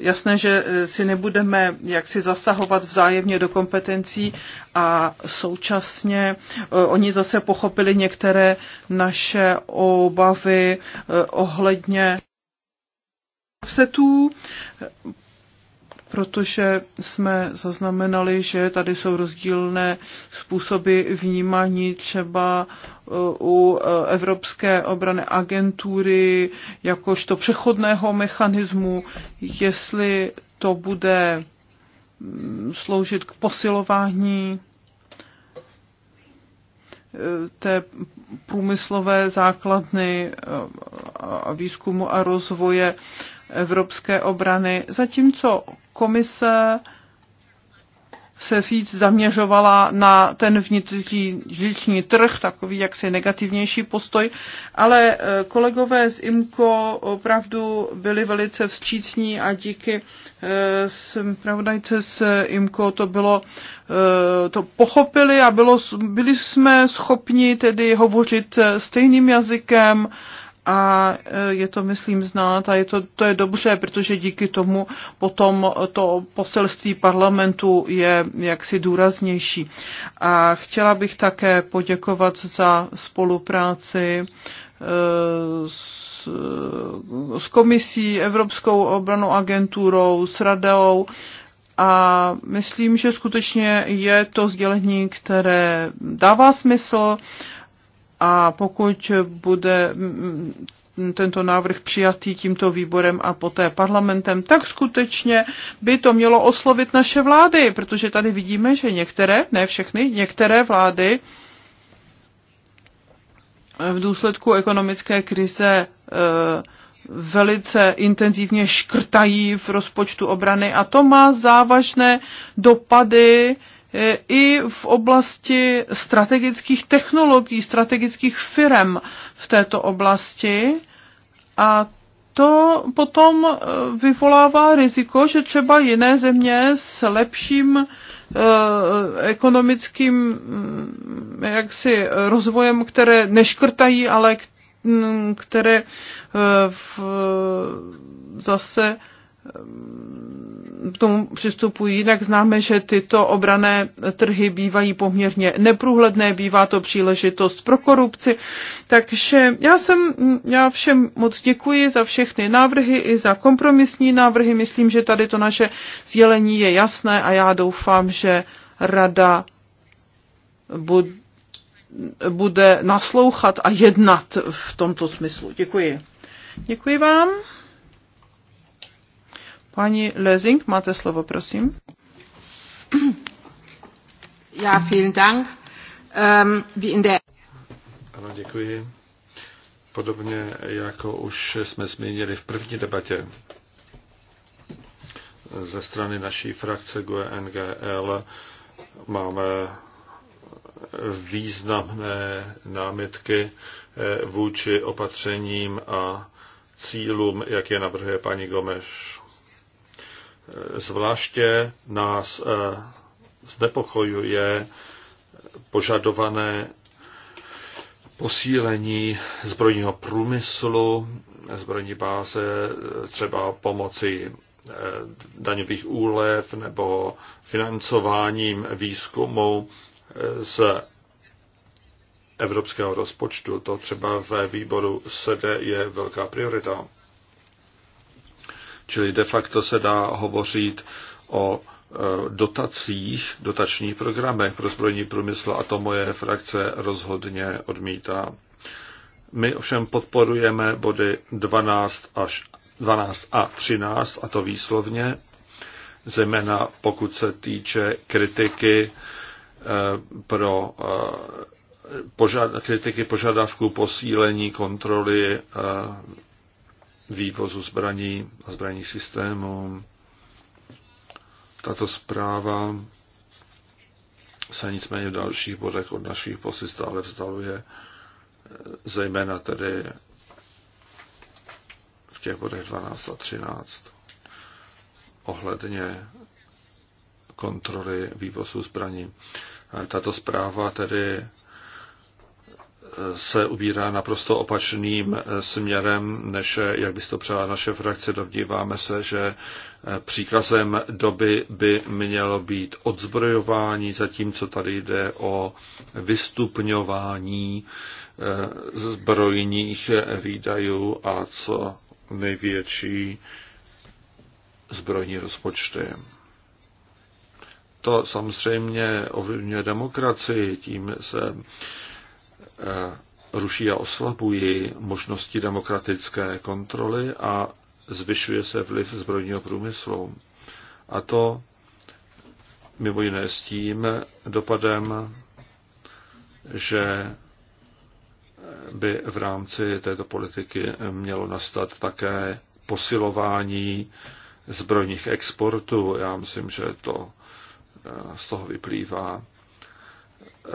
jasné, že eh, si nebudeme jaksi zasahovat vzájemně do kompetencí a současně eh, oni zase pochopili některé naše obavy ohledně offsetů protože jsme zaznamenali, že tady jsou rozdílné způsoby vnímání třeba eh, u eh, Evropské obrany agentury jakožto přechodného mechanismu, jestli to bude mm, sloužit k posilování eh, té průmyslové základny a výzkumu a rozvoje evropské obrany, zatímco komise se víc zaměřovala na ten vnitřní trh, takový jaksi negativnější postoj, ale eh, kolegové z IMCO opravdu byli velice vstřícní a díky zpravodajce eh, z IMCO to bylo, eh, to pochopili a bylo, byli jsme schopni tedy hovořit stejným jazykem a e, je to, myslím, znát a je to, to je dobře, protože díky tomu potom to poselství parlamentu je jaksi důraznější. A chtěla bych také poděkovat za spolupráci e, s, s komisí, Evropskou obranou agenturou, s radou, a myslím, že skutečně je to sdělení, které dává smysl a pokud bude mm, mm, tento návrh přijatý tímto výborem a poté parlamentem, tak skutečně by to mělo oslovit naše vlády, protože tady vidíme, že některé, ne všechny, některé vlády v důsledku ekonomické krize e, velice intenzivně škrtají v rozpočtu obrany a to má závažné dopady E, i v oblasti strategických technologií, strategických firm v této oblasti. A to potom e, vyvolává riziko, že třeba jiné země s lepším e, ekonomickým mm, jaksi rozvojem, které neškrtají, ale mm, které v, zase k tomu přistupují. Jinak známe, že tyto obrané trhy bývají poměrně neprůhledné, bývá to příležitost pro korupci. Takže já, jsem, já všem moc děkuji za všechny návrhy i za kompromisní návrhy. Myslím, že tady to naše sdělení je jasné a já doufám, že rada bude naslouchat a jednat v tomto smyslu. Děkuji. Děkuji vám. Pani Lezing, máte slovo, prosím. Já, vielen Dank. Um, wie in der... Ano, děkuji. Podobně jako už jsme zmínili v první debatě ze strany naší frakce GUE NGL máme významné námitky eh, vůči opatřením a cílům, jak je navrhuje paní Gomeš. Zvláště nás eh, znepokojuje požadované posílení zbrojního průmyslu, zbrojní báze, třeba pomocí eh, daňových úlev nebo financováním výzkumu eh, z evropského rozpočtu. To třeba ve výboru SEDE je velká priorita. Čili de facto se dá hovořit o e, dotacích, dotačních programech pro zbrojní průmysl a to moje frakce rozhodně odmítá. My ovšem podporujeme body 12 až 12 a 13 a to výslovně, zejména pokud se týče kritiky e, pro e, požad, kritiky požadavků posílení kontroly vývozu zbraní a zbraních systémů. Tato zpráva se nicméně v dalších bodech od našich posy stále vzdaluje, eh, zejména tedy v těch bodech 12 a 13 ohledně kontroly vývozu zbraní. Eh, tato zpráva tedy se ubírá naprosto opačným eh, směrem, než eh, jak by to přála naše frakce. Dovdíváme se, že eh, příkazem doby by mělo být odzbrojování, zatímco tady jde o vystupňování zbrojních výdajů a co největší zbrojní rozpočty. To samozřejmě ovlivňuje demokracii, tím se Eh, ruší a oslabují možnosti demokratické kontroly a zvyšuje se vliv zbrojního průmyslu. A to mimo jiné s tím dopadem, že by v rámci této politiky mělo nastat také posilování zbrojních exportů. Já myslím, že to eh, z toho vyplývá.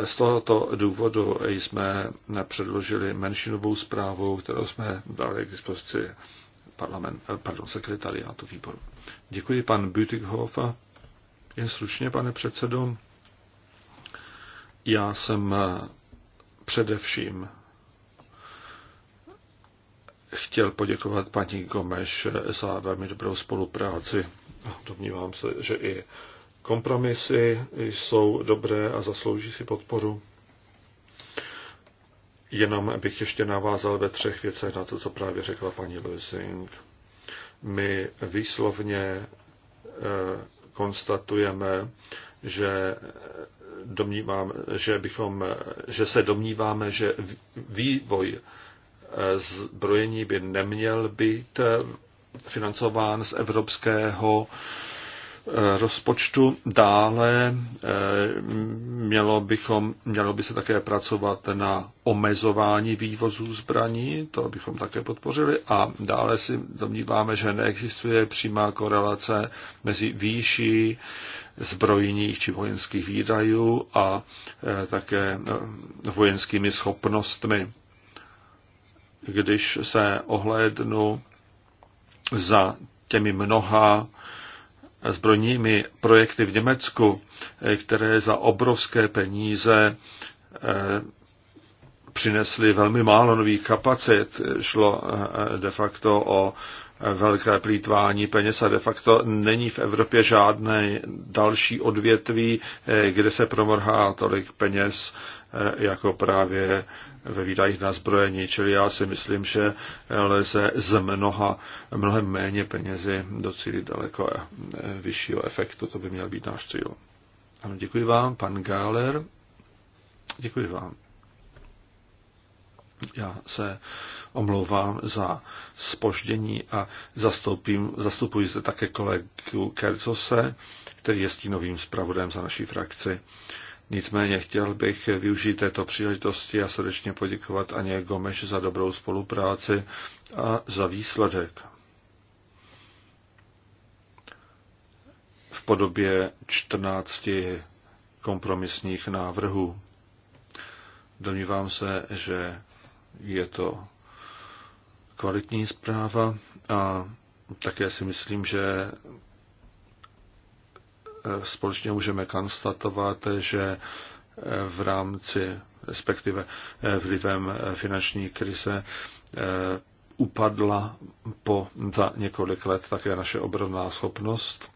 Z tohoto důvodu jsme předložili menšinovou zprávu, kterou jsme dali k dispozici parlament, eh, pardon, sekretariátu výboru. Děkuji pan Bütikhoff jen slušně, pane předsedo. Já jsem eh, především chtěl poděkovat paní Gomeš eh, za velmi dobrou spolupráci. Domnívám se, že i Kompromisy jsou dobré a zaslouží si podporu. Jenom bych ještě navázal ve třech věcech na to, co právě řekla paní Lusing. My výslovně eh, konstatujeme, že domnívám, že, bychom, že se domníváme, že vývoj eh, zbrojení by neměl být eh, financován z evropského rozpočtu. Dále eh, mělo, bychom, mělo by se také pracovat na omezování vývozů zbraní, to bychom také podpořili. A dále si domníváme, že neexistuje přímá korelace mezi výší zbrojních či vojenských výdajů a eh, také eh, vojenskými schopnostmi. Když se ohlédnu za těmi mnoha zbrojními projekty v Německu, eh, které za obrovské peníze eh, přinesly velmi málo nových kapacit. Eh, šlo de facto o velké plítvání peněz a de facto není v Evropě žádné další odvětví, eh, kde se promrhá tolik peněz eh, jako právě ve výdajích na zbrojení. Čili já si myslím, že lze z mnoha, mnohem méně penězi docílit daleko eh, vyššího efektu. To by měl být náš cíl. Ano, děkuji vám, pan Gáler. Děkuji vám. Já se omlouvám za spoždění a zastoupím, zastupuji zde také kolegu Kercose, který je stínovým zpravodem za naší frakci. Nicméně chtěl bych využít této příležitosti a srdečně poděkovat Aně Gomeš za dobrou spolupráci a za výsledek. V podobě 14 kompromisních návrhů. Domnívám se, že je to kvalitní zpráva a také si myslím, že eh, společně můžeme konstatovat, že eh, v rámci, respektive eh, vlivem finanční krize, upadla po za několik let také naše obrovná schopnost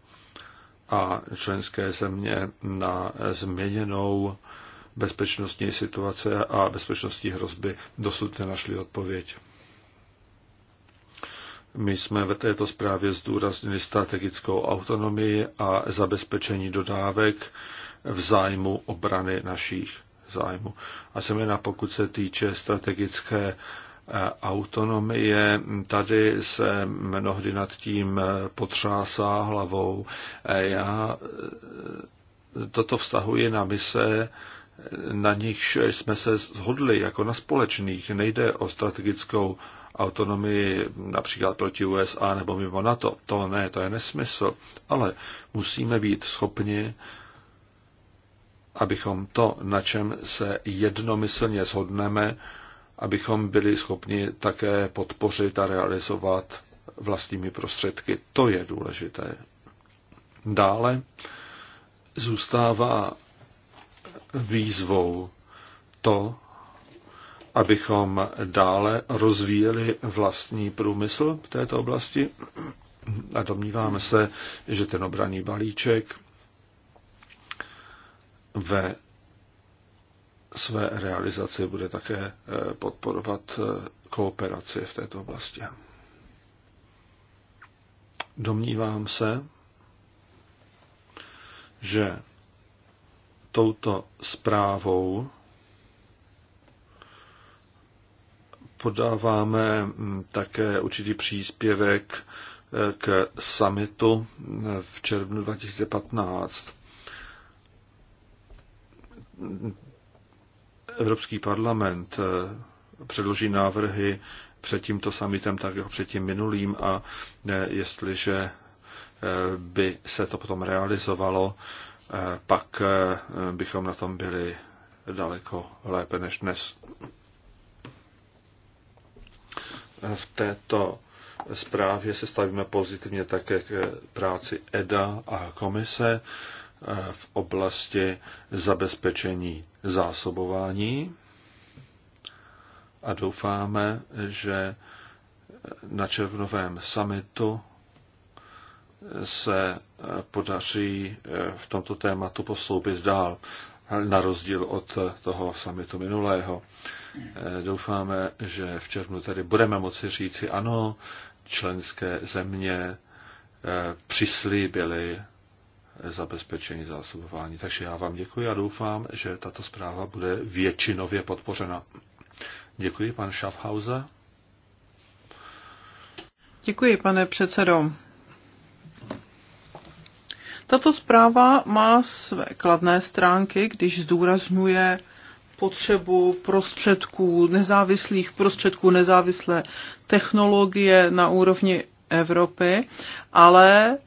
a členské země na změněnou bezpečnostní situace a bezpečnostní hrozby dosud nenašli odpověď. My jsme ve této zprávě zdůraznili strategickou autonomii a zabezpečení dodávek v zájmu obrany našich zájmu. A zejména pokud se týče strategické eh, autonomie, tady se mnohdy nad tím eh, potřásá hlavou. Eh, já toto vztahuji na mise na nichž jsme se shodli jako na společných. Nejde o strategickou autonomii například proti USA nebo mimo NATO. To ne, to je nesmysl. Ale musíme být schopni, abychom to, na čem se jednomyslně shodneme, abychom byli schopni také podpořit a realizovat vlastními prostředky. To je důležité. Dále zůstává výzvou to, abychom dále rozvíjeli vlastní průmysl v této oblasti a domníváme se, že ten obraný balíček ve své realizaci bude také eh, podporovat eh, kooperaci v této oblasti. Domnívám se, že touto zprávou podáváme mm, také určitý příspěvek eh, k summitu eh, v červnu 2015. Evropský parlament eh, předloží návrhy před tímto summitem, tak jako před tím minulým a jestliže by se to potom realizovalo, Eh, pak eh, bychom na tom byli daleko lépe než dnes. Eh, v této zprávě se stavíme pozitivně také k práci EDA a komise v oblasti zabezpečení zásobování a doufáme, že na červnovém summitu se eh, podaří eh, v tomto tématu posloubit dál, na rozdíl od eh, toho samitu minulého. Doufáme, že v červnu tedy budeme moci říci ano, členské země přislíbily zabezpečení zásobování. Takže já vám děkuji a doufám, že tato zpráva bude většinově podpořena. Děkuji, pan Schaffhauser. Děkuji, pane předsedo. Tato zpráva má své kladné stránky, když zdůrazňuje potřebu prostředků, nezávislých prostředků, nezávislé technologie na úrovni Evropy, ale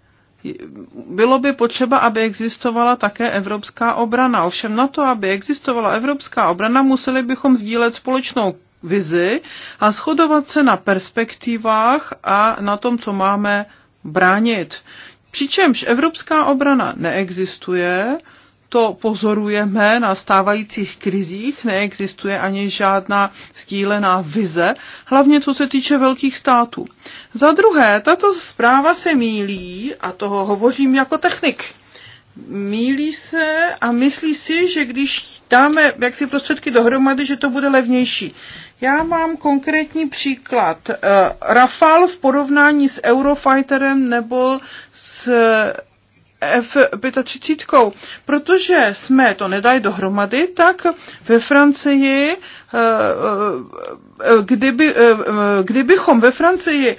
bylo by potřeba, aby existovala také evropská obrana. Ovšem na to, aby existovala evropská obrana, museli bychom sdílet společnou vizi a shodovat se na perspektivách a na tom, co máme bránit. Přičemž evropská obrana neexistuje, to pozorujeme na stávajících krizích, neexistuje ani žádná stílená vize, hlavně co se týče velkých států. Za druhé, tato zpráva se mílí, a toho hovořím jako technik, mílí se a myslí si, že když dáme jaksi prostředky dohromady, že to bude levnější. Já mám konkrétní příklad. Eh, Rafal v porovnání s Eurofighterem nebo s eh, F-35, protože jsme to nedali dohromady, tak ve Francii Eh, eh, kdyby, eh, kdybychom ve Francii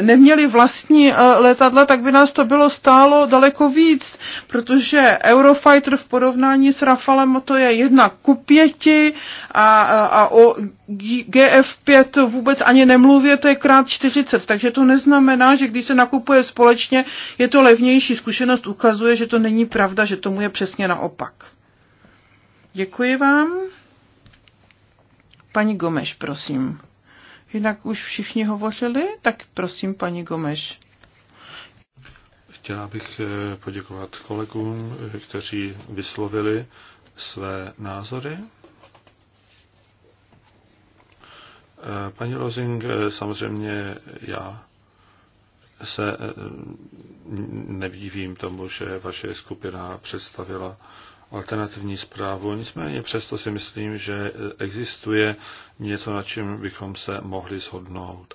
neměli vlastní letadla, tak by nás to bylo stálo daleko víc, protože Eurofighter v porovnání s Rafalem to je jedna ku pěti a, a o GF5 vůbec ani nemluvě, to je krát 40, takže to neznamená, že když se nakupuje společně, je to levnější. Zkušenost ukazuje, že to není pravda, že tomu je přesně naopak. Děkuji vám. Paní Gomeš, prosím. Jinak už všichni hovořili, tak prosím, paní Gomeš. Chtěla bych eh, poděkovat kolegům, eh, kteří vyslovili své názory. Eh, paní Rozing, samozřejmě já se nedívím tomu, že vaše skupina představila alternativní zprávu. Nicméně přesto si myslím, že existuje něco, na čem bychom se mohli shodnout.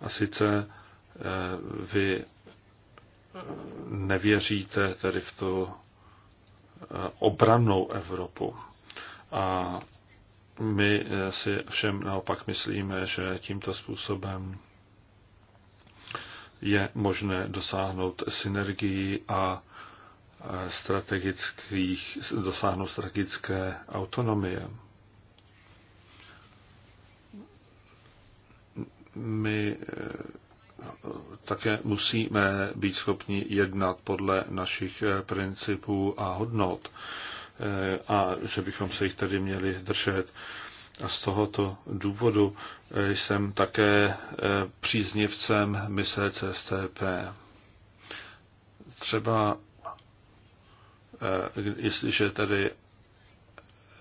A sice eh, vy eh, nevěříte tedy v tu eh, obrannou Evropu. A my si všem naopak myslíme, že tímto způsobem je možné dosáhnout synergii a strategických, dosáhnout strategické autonomie. My eh, také musíme být schopni jednat podle našich eh, principů a hodnot eh, a že bychom se jich tedy měli držet. A z tohoto důvodu jsem také příznivcem mise CSTP. Třeba Eh, jestliže tedy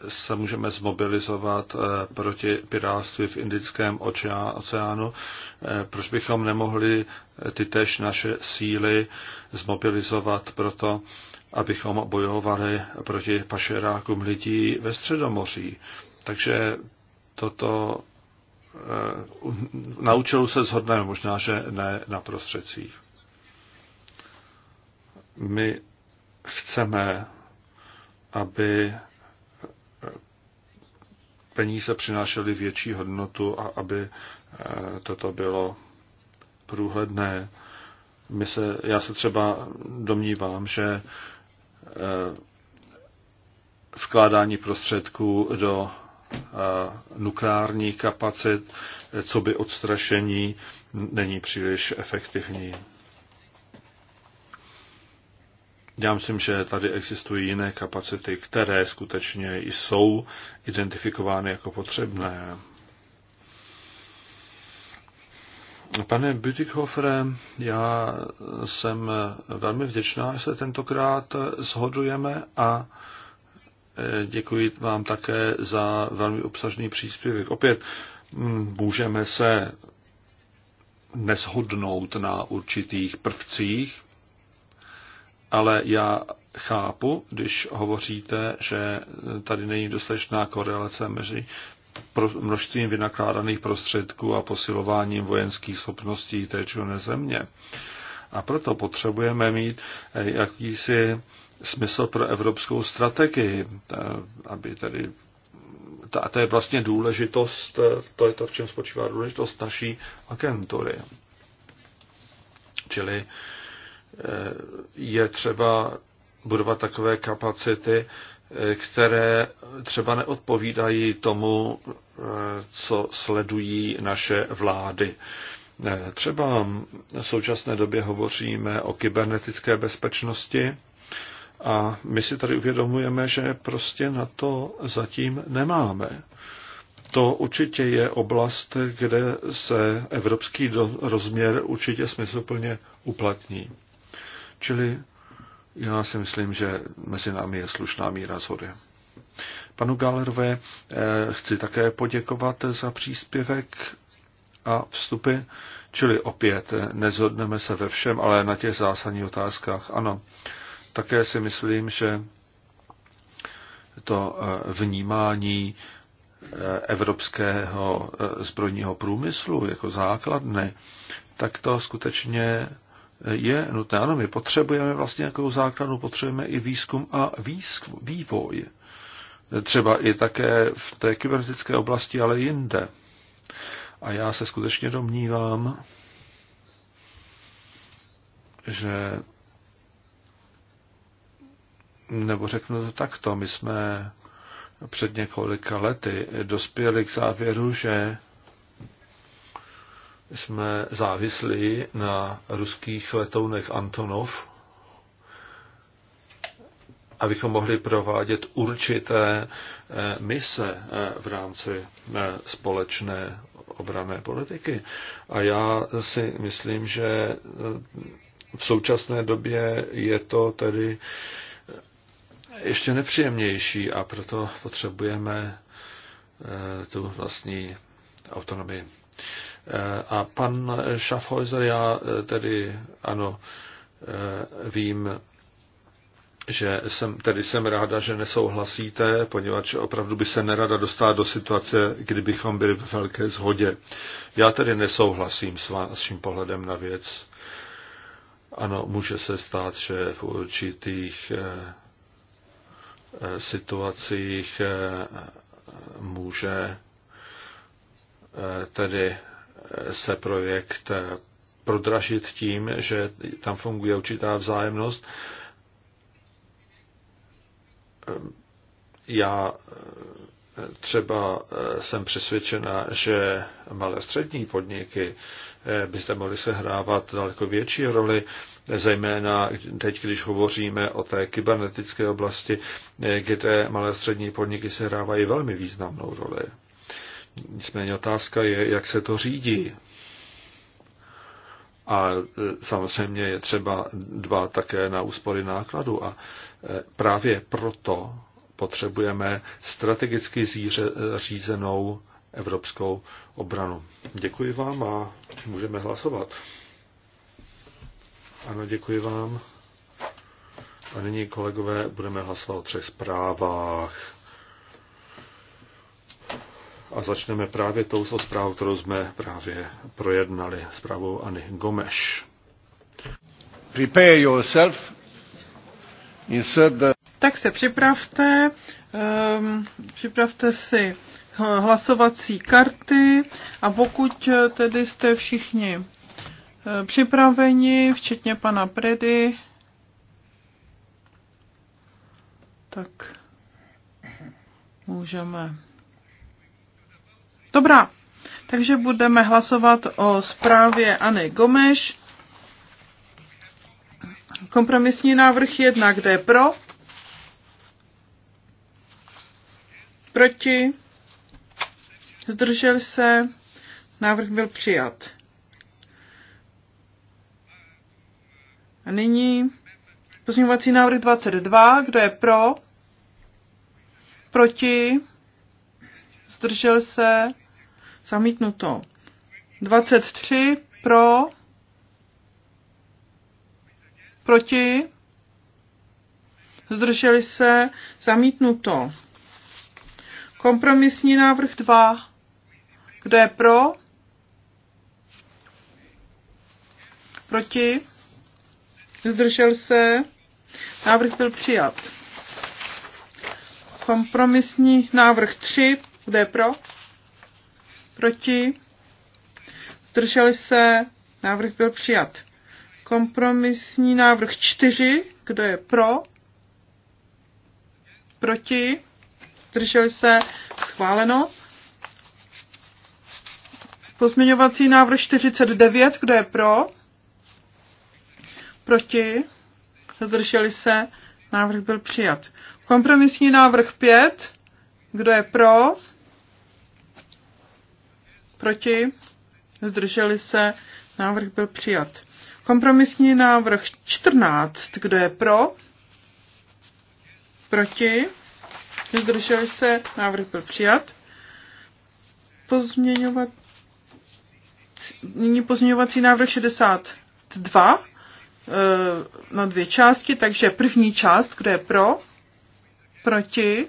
se můžeme zmobilizovat eh, proti piráctví v Indickém oceánu, eh, proč bychom nemohli ty tež naše síly zmobilizovat proto, abychom bojovali proti pašerákům lidí ve Středomoří. Takže toto na účelu se shodneme, možná, že ne na prostředcích. My chceme, aby peníze přinášely větší hodnotu a aby eh, toto bylo průhledné. My se, já se třeba domnívám, že eh, vkládání prostředků do eh, nukleárních kapacit, co by odstrašení, není příliš efektivní. Já myslím, že tady existují jiné kapacity, které skutečně jsou identifikovány jako potřebné. Pane Bütikhofere, já jsem velmi vděčná, že se tentokrát shodujeme a e, děkuji vám také za velmi obsažný příspěvek. Opět mm, můžeme se neshodnout na určitých prvcích, ale já chápu, když hovoříte, že tady není dostatečná korelace mezi množstvím vynakládaných prostředků a posilováním vojenských schopností té či oné země. A proto potřebujeme mít eh, jakýsi smysl pro evropskou strategii, aby tady a to je vlastně důležitost, eh, to je to, v čem spočívá důležitost naší agentury. Čili je třeba budovat takové kapacity, které třeba neodpovídají tomu, co sledují naše vlády. Třeba v současné době hovoříme o kybernetické bezpečnosti a my si tady uvědomujeme, že prostě na to zatím nemáme. To určitě je oblast, kde se evropský rozměr určitě smysluplně uplatní. Čili já si myslím, že mezi námi je slušná míra zhody. Panu Gálerové eh, chci také poděkovat za příspěvek a vstupy, čili opět eh, nezhodneme se ve všem, ale na těch zásadních otázkách ano. Také si myslím, že to eh, vnímání evropského zbrojního průmyslu jako základny, tak to skutečně je nutné. Ano, my potřebujeme vlastně nějakou základnu, potřebujeme i výzkum a výzkum, vývoj. Třeba i také v té kybernetické oblasti, ale jinde. A já se skutečně domnívám, že nebo řeknu to takto, my jsme před několika lety dospěli k závěru, že jsme závislí na ruských letounech Antonov, abychom mohli provádět určité eh, mise eh, v rámci eh, společné obrané politiky. A já si myslím, že v současné době je to tedy ještě nepříjemnější a proto potřebujeme tu vlastní autonomii. A pan Schaffhäuser, já eh, tedy ano, eh, vím, že jsem, tedy jsem ráda, že nesouhlasíte, poněvadž opravdu by se nerada dostala do situace, kdybychom byli v velké shodě. Já tedy nesouhlasím s vaším pohledem na věc. Ano, může se stát, že v určitých eh, situacích může tedy se projekt prodražit tím, že tam funguje určitá vzájemnost. Já třeba jsem přesvědčena, že malé střední podniky by zde mohly sehrávat daleko větší roli, zejména teď, když hovoříme o té kybernetické oblasti, kde malé střední podniky sehrávají velmi významnou roli. Nicméně otázka je, jak se to řídí. A e, samozřejmě je třeba dva také na úspory nákladu. A e, právě proto potřebujeme strategicky zíře, e, řízenou evropskou obranu. Děkuji vám a můžeme hlasovat. Ano, děkuji vám. A nyní, kolegové, budeme hlasovat o třech zprávách. A začneme právě touto zprávou, kterou jsme právě projednali, zprávou Ani Gomeš. Prepare yourself. the... Tak se připravte, um, připravte si hlasovací karty a pokud eh, tedy jste všichni eh, připraveni, včetně pana Predy, tak můžeme Dobrá, takže budeme hlasovat o zprávě Anny Gomeš. Kompromisní návrh jedna, kde je pro? Proti? Zdržel se? Návrh byl přijat. A nyní pozměňovací návrh 22, kdo je pro? Proti? Zdržel se? Zamítnuto. 23 pro, proti, zdrželi se, zamítnuto. Kompromisní návrh 2. Kdo je pro? Proti? Zdržel se? Návrh byl přijat. Kompromisní návrh 3. Kdo je pro? Proti? Zdrželi se? Návrh byl přijat. Kompromisní návrh 4. Kdo je pro? Proti? Zdrželi se? Schváleno. Pozměňovací návrh 49. Kdo je pro? Proti? Zdrželi se? Návrh byl přijat. Kompromisní návrh 5. Kdo je pro? Proti? Zdrželi se? Návrh byl přijat. Kompromisní návrh 14. Kdo je pro? Proti? Zdrželi se? Návrh byl přijat. Pozměňovat... Nyní pozměňovací návrh 62 eh, na dvě části, takže první část, kdo je pro, proti,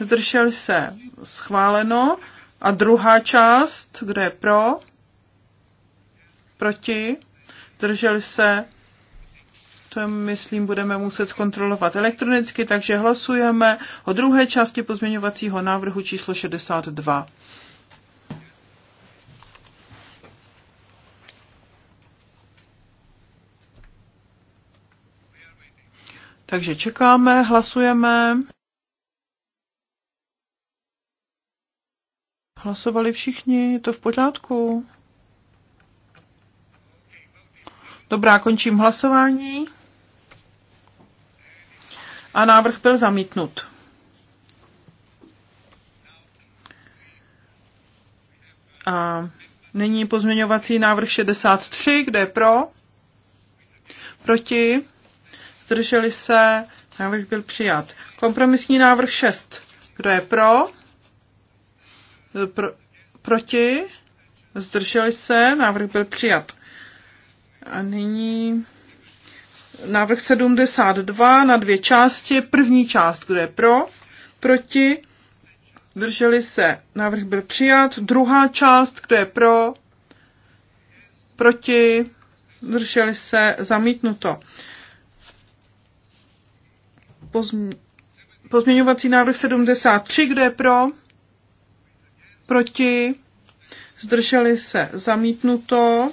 zdržel se schváleno, a druhá část, kdo je pro, proti, drželi se, to myslím budeme muset zkontrolovat elektronicky, takže hlasujeme o druhé části pozměňovacího návrhu číslo 62. Takže čekáme, hlasujeme. Hlasovali všichni, je to v pořádku? Dobrá, končím hlasování. A návrh byl zamítnut. A nyní pozměňovací návrh 63, kde je pro, proti, zdrželi se, návrh byl přijat. Kompromisní návrh 6, kdo je pro, pro, proti? Zdrželi se? Návrh byl přijat. A nyní návrh 72 na dvě části. První část, kdo je pro? Proti? Zdrželi se? Návrh byl přijat. Druhá část, kdo je pro? Proti? Zdrželi se? Zamítnuto. Pozm- pozměňovací návrh 73, kdo je pro? proti, zdrželi se zamítnuto.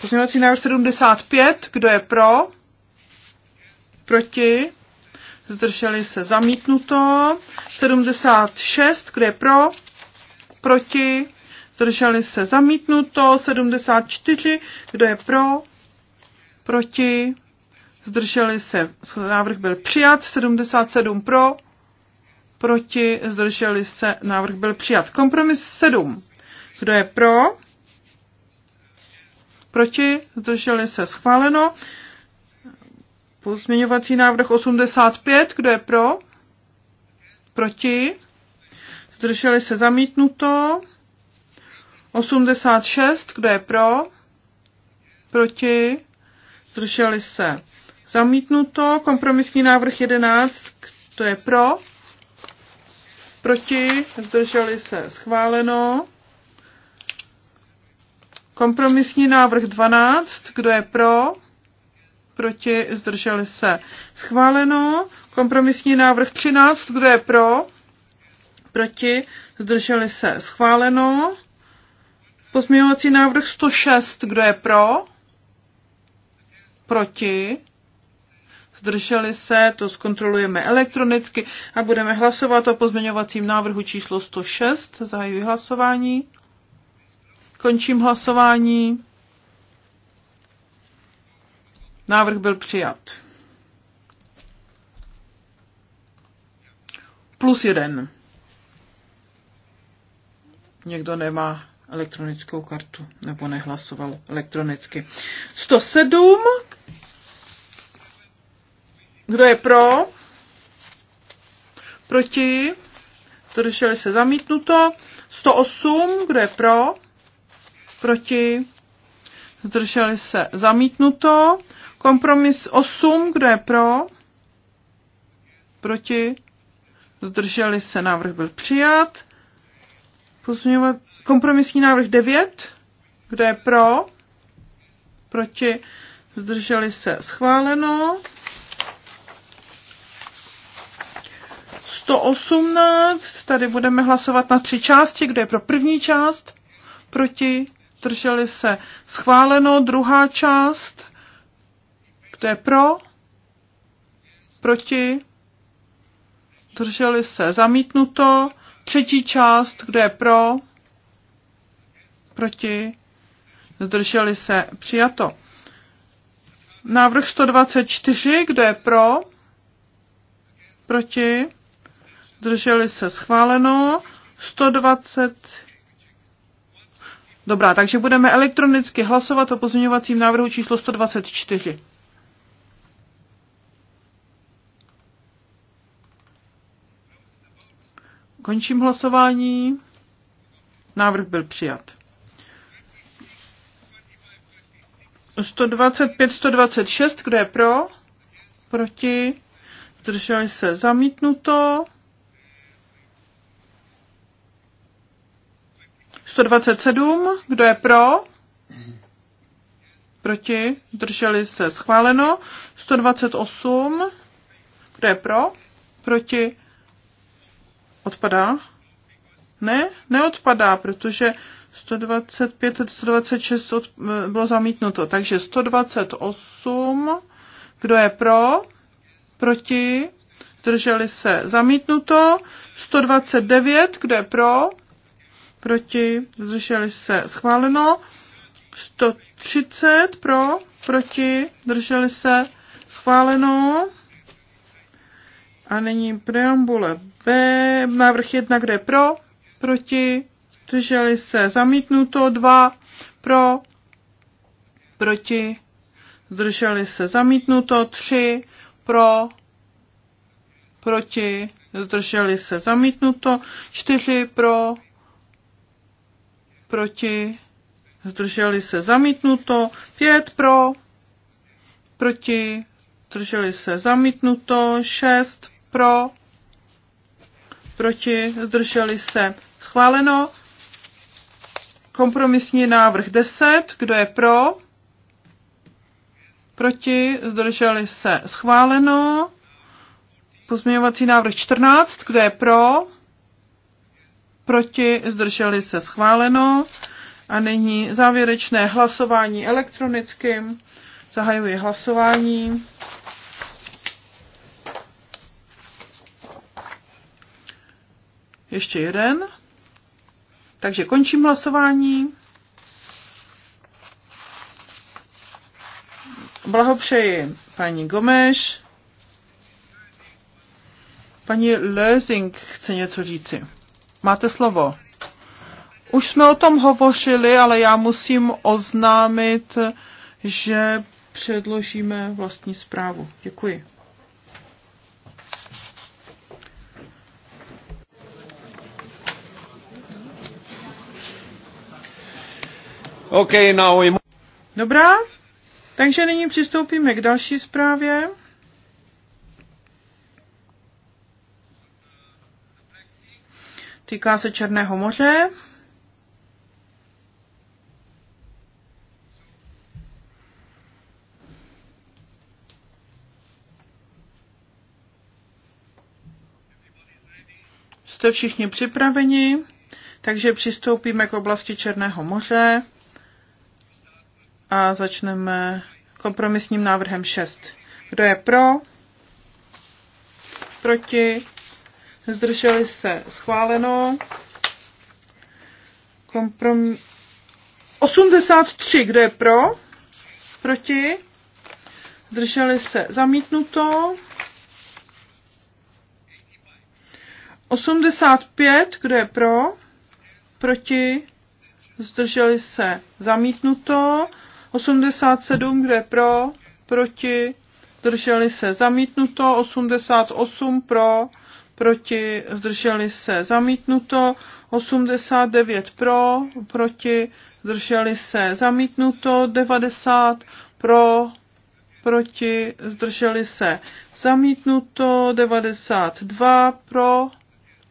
Pozměňovací návrh 75, kdo je pro, proti, zdrželi se zamítnuto. 76, kdo je pro, proti, zdrželi se zamítnuto. 74, kdo je pro, proti, zdrželi se, návrh byl přijat, 77 pro, proti, zdrželi se, návrh byl přijat. Kompromis 7. Kdo je pro? Proti, zdrželi se, schváleno. Pozměňovací návrh 85, kdo je pro? Proti, zdrželi se, zamítnuto. 86, kdo je pro? Proti, zdrželi se, zamítnuto. Kompromisní návrh 11, kdo je pro? proti, zdrželi se schváleno. Kompromisní návrh 12, kdo je pro, proti, zdrželi se schváleno. Kompromisní návrh 13, kdo je pro, proti, zdrželi se schváleno. Pozměňovací návrh 106, kdo je pro, proti, zdrželi se, to zkontrolujeme elektronicky a budeme hlasovat o pozměňovacím návrhu číslo 106. Zahajuji hlasování. Končím hlasování. Návrh byl přijat. Plus jeden. Někdo nemá elektronickou kartu nebo nehlasoval elektronicky. 107 kdo je pro? Proti? Zdrželi se zamítnuto. 108. Kdo je pro? Proti? Zdrželi se zamítnuto. Kompromis 8. Kdo je pro? Proti? Zdrželi se. Návrh byl přijat. Pozměňovat kompromisní návrh 9. Kdo je pro? Proti? Zdrželi se. Schváleno. 118, tady budeme hlasovat na tři části, kdo je pro první část, proti, drželi se schváleno, druhá část, kdo je pro, proti, drželi se zamítnuto, třetí část, kdo je pro, proti, zdrželi se přijato. Návrh 124, kdo je pro, proti, zdrželi se schváleno, 120. Dobrá, takže budeme elektronicky hlasovat o pozměňovacím návrhu číslo 124. Končím hlasování. Návrh byl přijat. 125, 126, kdo je pro? Proti? Zdrželi se zamítnuto. 127, kdo je pro? Proti? Drželi se schváleno. 128, kdo je pro? Proti? Odpadá? Ne, neodpadá, protože 125 a 126 od, eh, bylo zamítnuto. Takže 128, kdo je pro? Proti? Drželi se zamítnuto. 129, kdo je pro? proti, zdrželi se schváleno. 130 pro, proti, zdrželi se schváleno. A nyní preambule B, návrh 1, kde pro, proti, zdrželi se zamítnuto, 2 pro, proti, zdrželi se zamítnuto, 3 pro, proti, zdrželi se zamítnuto, 4 pro, proti, zdrželi se zamítnuto, pět pro, proti, zdrželi se zamítnuto, šest pro, proti, zdrželi se schváleno, kompromisní návrh 10, kdo je pro, proti, zdrželi se schváleno, pozměňovací návrh 14, kdo je pro, proti, zdrželi se schváleno. A nyní závěrečné hlasování elektronicky. Zahajuji hlasování. Ještě jeden. Takže končím hlasování. Blahopřeji paní Gomeš. Paní Lezing chce něco říci. Máte slovo. Už jsme o tom hovořili, ale já musím oznámit, že předložíme vlastní zprávu. Děkuji. Okay, now we... Dobrá, takže nyní přistoupíme k další zprávě. Týká se Černého moře. Jste všichni připraveni, takže přistoupíme k oblasti Černého moře a začneme kompromisním návrhem 6. Kdo je pro? Proti? zdrželi se schváleno. Komprom... 83, kdo je pro? Proti? Zdrželi se zamítnuto. 85, kdo je pro? Proti? Zdrželi se zamítnuto. 87, kdo je pro? Proti? Zdrželi se zamítnuto. 88 pro? proti, zdrželi se zamítnuto, 89 pro, proti, zdrželi se zamítnuto, 90 pro, proti, zdrželi se zamítnuto, 92 pro,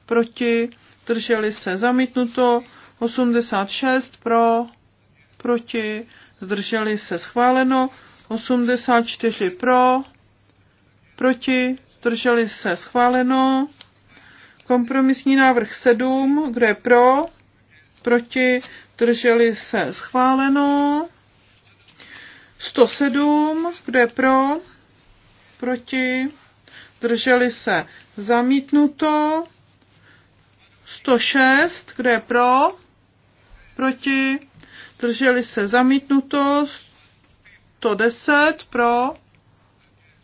proti, zdrželi se zamítnuto, 86 pro, proti, zdrželi se schváleno, 84 pro, proti, zdrželi se schváleno, Kompromisní návrh 7, kdo je pro, proti, drželi se schváleno. 107, kdo je pro, proti, drželi se zamítnuto. 106, kdo je pro, proti, drželi se zamítnuto. 110 pro,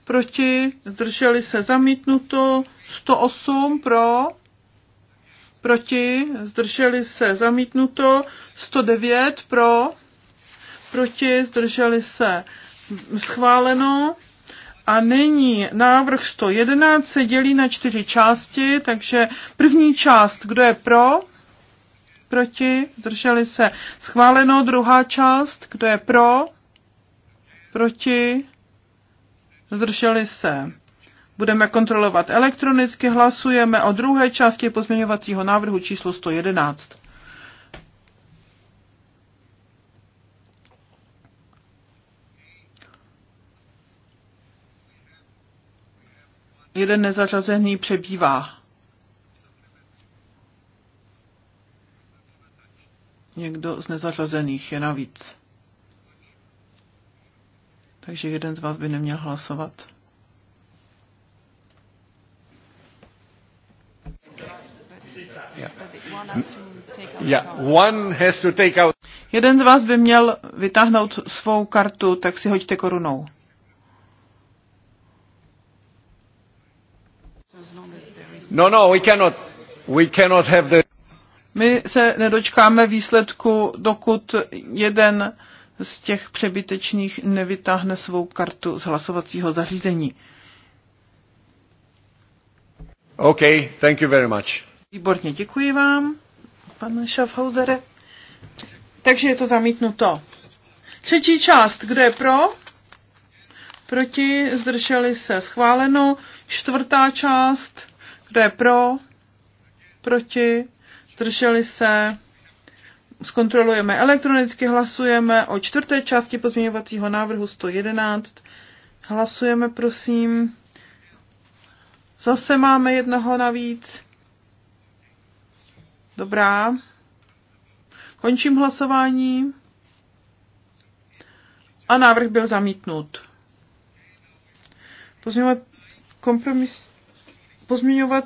proti, zdrželi se zamítnuto. 108 pro, proti, zdrželi se zamítnuto, 109 pro, proti, zdrželi se schváleno. A nyní návrh 111 se dělí na čtyři části, takže první část, kdo je pro, proti, zdrželi se schváleno, druhá část, kdo je pro, proti, zdrželi se budeme kontrolovat elektronicky, hlasujeme o druhé části pozměňovacího návrhu číslo 111. Jeden nezařazený přebývá. Někdo z nezařazených je navíc. Takže jeden z vás by neměl hlasovat. Jeden z vás by měl vytáhnout svou kartu, tak si hoďte korunou. No, no, we cannot, we cannot have the... My se nedočkáme výsledku, dokud jeden z těch přebytečných nevytáhne svou kartu z hlasovacího zařízení. Okay, thank you very much. Výborně, děkuji vám, pane Schaffhausere. Takže je to zamítnuto. Třetí část, kdo je pro? Proti, zdrželi se, schváleno. Čtvrtá část, kdo je pro? Proti, zdrželi se, zkontrolujeme elektronicky, hlasujeme o čtvrté části pozměňovacího návrhu 111. Hlasujeme, prosím. Zase máme jednoho navíc. Dobrá. Končím hlasování. A návrh byl zamítnut. Pozměňovat kompromis, pozměňovat,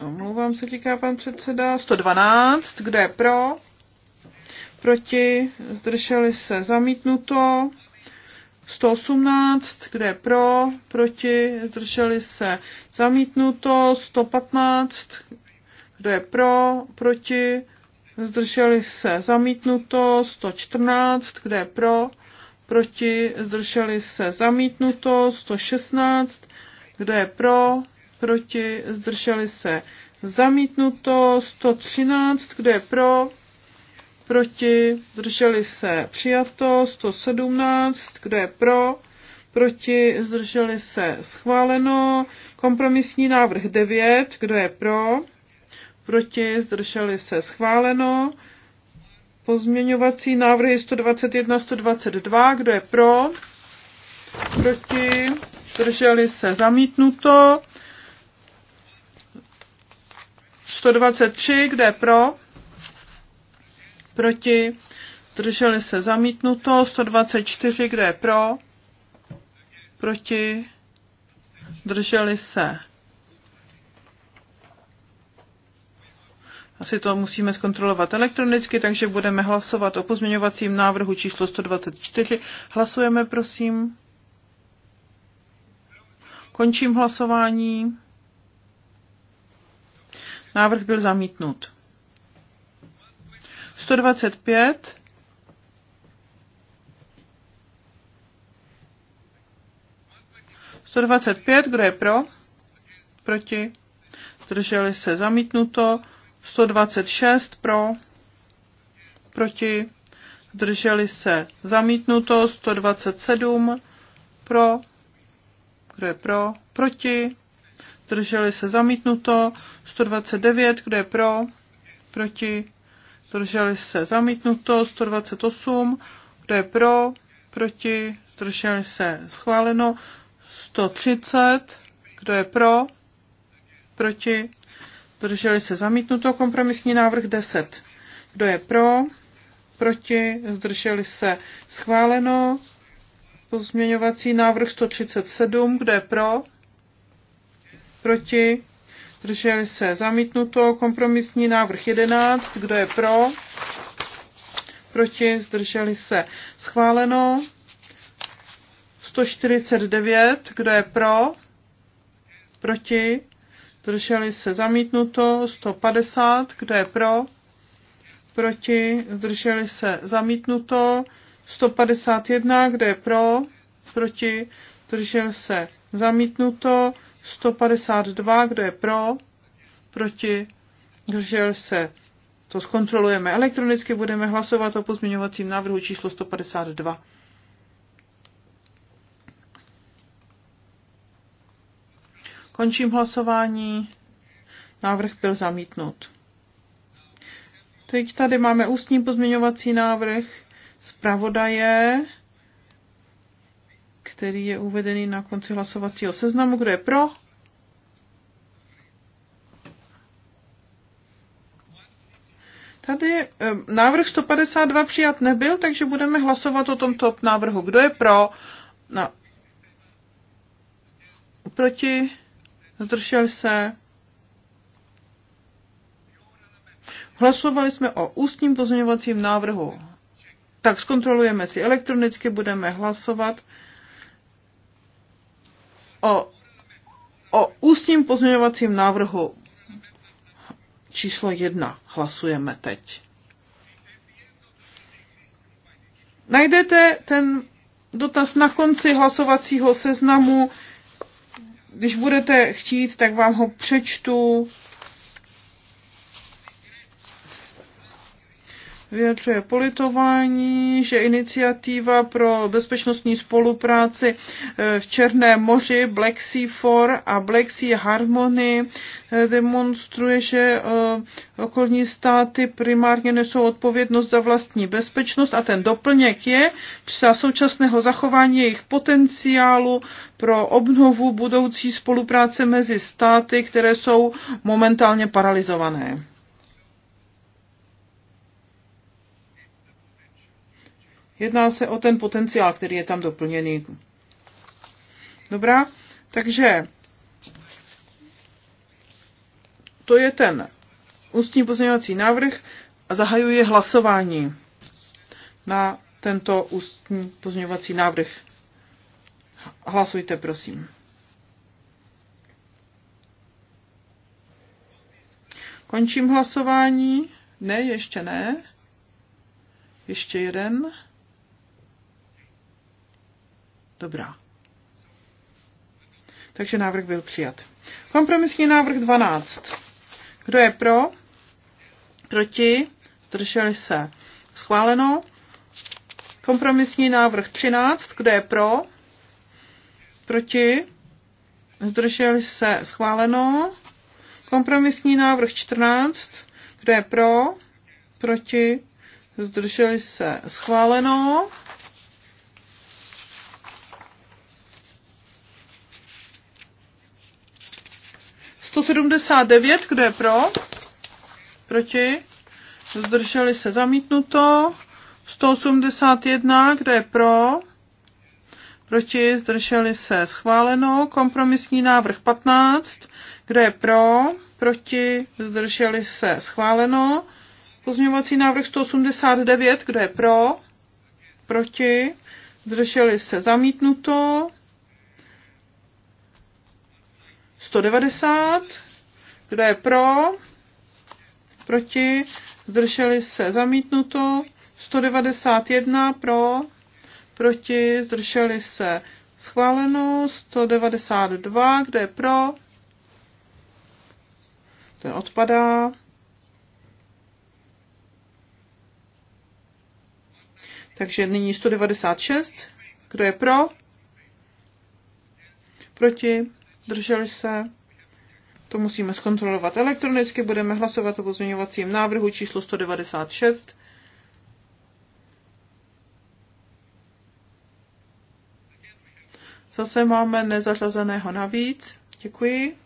omlouvám se, říká pan předseda, 112, kde je pro, proti, zdrželi se, zamítnuto, 118, kde je pro, proti, zdrželi se, zamítnuto, 115, kdo je pro, proti, zdrželi se zamítnuto. 114, kdo je pro, proti, zdrželi se zamítnuto. 116, kdo je pro, proti, zdrželi se zamítnuto. 113, kdo je pro, proti, zdrželi se přijato, 117, kdo je pro, proti, zdrželi se schváleno, kompromisní návrh 9, kdo je pro, proti, zdrželi se schváleno. Pozměňovací návrhy 121, 122, kdo je pro, proti, zdrželi se zamítnuto. 123, kde je pro, proti, zdrželi se zamítnuto. 124, kde je pro, proti, zdrželi se asi to musíme zkontrolovat elektronicky, takže budeme hlasovat o pozměňovacím návrhu číslo 124. Hlasujeme, prosím. Končím hlasování. Návrh byl zamítnut. 125. Sto dvacet pět, kdo je pro? Proti? Zdrželi se zamítnuto. 126 pro, proti, Drželi se zamítnuto, 127 pro, kdo je pro, proti, Drželi se zamítnuto, 129, kdo je pro, proti, Drželi se zamítnuto, 128, kdo je pro, proti, Drželi se schváleno, 130, kdo je pro, proti, zdrželi se zamítnuto. Kompromisní návrh 10. Kdo je pro? Proti? Zdrželi se schváleno. Pozměňovací návrh 137. Kdo je pro? Proti? Zdrželi se zamítnuto. Kompromisní návrh 11. Kdo je pro? Proti? Zdrželi se schváleno. 149. Kdo je pro? Proti? zdrželi se zamítnuto, 150, kdo je pro, proti, zdrželi se zamítnuto, 151, kdo je pro, proti, zdržel se zamítnuto, 152, kdo je pro, proti, zdržel se. To zkontrolujeme elektronicky, budeme hlasovat o pozměňovacím návrhu číslo 152. Končím hlasování. Návrh byl zamítnut. Teď tady máme ústní pozměňovací návrh zpravodaje, který je uvedený na konci hlasovacího seznamu. Kdo je pro? Tady eh, návrh 152 přijat nebyl, takže budeme hlasovat o tomto návrhu. Kdo je pro? No. Proti? zdržel se. Hlasovali jsme o ústním pozměňovacím návrhu. Tak zkontrolujeme si elektronicky, budeme hlasovat o, o ústním pozměňovacím návrhu číslo jedna. Hlasujeme teď. Najdete ten dotaz na konci hlasovacího seznamu když budete chtít, tak vám ho přečtu vyjadřuje politování, že iniciativa pro bezpečnostní spolupráci eh, v Černém moři Black Sea 4 a Black Sea Harmony eh, demonstruje, že eh, okolní státy primárně nesou odpovědnost za vlastní bezpečnost a ten doplněk je za současného zachování jejich potenciálu pro obnovu budoucí spolupráce mezi státy, které jsou momentálně paralizované. Jedná se o ten potenciál, který je tam doplněný. Dobrá, takže to je ten ústní pozměňovací návrh a zahajuje hlasování na tento ústní pozměňovací návrh. Hlasujte, prosím. Končím hlasování. Ne, ještě ne. Ještě jeden. Dobrá. Takže návrh byl přijat. Kompromisní návrh 12. Kdo je pro? Proti? Drželi se. Schváleno. Kompromisní návrh 13. Kdo je pro? Proti? Zdrželi se. Schváleno. Kompromisní návrh 14. Kdo je pro? Proti? Zdrželi se. Schváleno. 179, kdo je pro? Proti? Zdrželi se zamítnuto. 181, kdo je pro? Proti? Zdrželi se schváleno. Kompromisní návrh 15, kdo je pro? Proti? Zdrželi se schváleno. Pozměňovací návrh 189, kdo je pro? Proti? Zdrželi se zamítnuto. 190. Kdo je pro? Proti? Zdrželi se zamítnuto. 191 pro, proti, zdrželi se schváleno. 192, kdo je pro? Ten odpadá. Takže nyní 196. Kdo je pro? Proti? Drželi se? To musíme zkontrolovat elektronicky. Budeme hlasovat o pozměňovacím návrhu číslo 196. Zase máme nezařazeného navíc. Děkuji.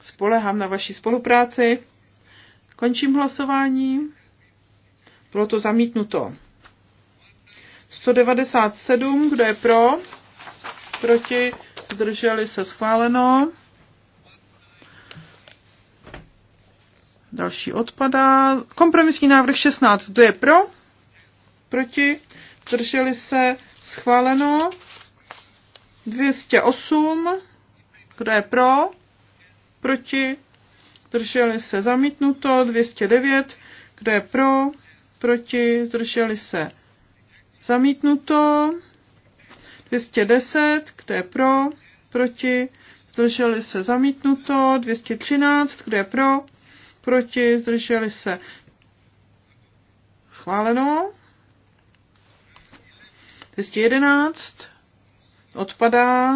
Spolehám na vaší spolupráci. Končím hlasování. Bylo to zamítnuto. 197, kdo je pro? Proti? zdrželi se schváleno. Další odpadá. Kompromisní návrh 16. Kdo je pro? Proti? Zdrželi se schváleno. 208. Kdo je pro? Proti? Zdrželi se zamítnuto. 209. Kdo je pro? Proti? Zdrželi se zamítnuto. 210, kdo je pro, proti, zdrželi se zamítnuto, 213, kdo je pro, proti, zdrželi se schváleno, 211, odpadá,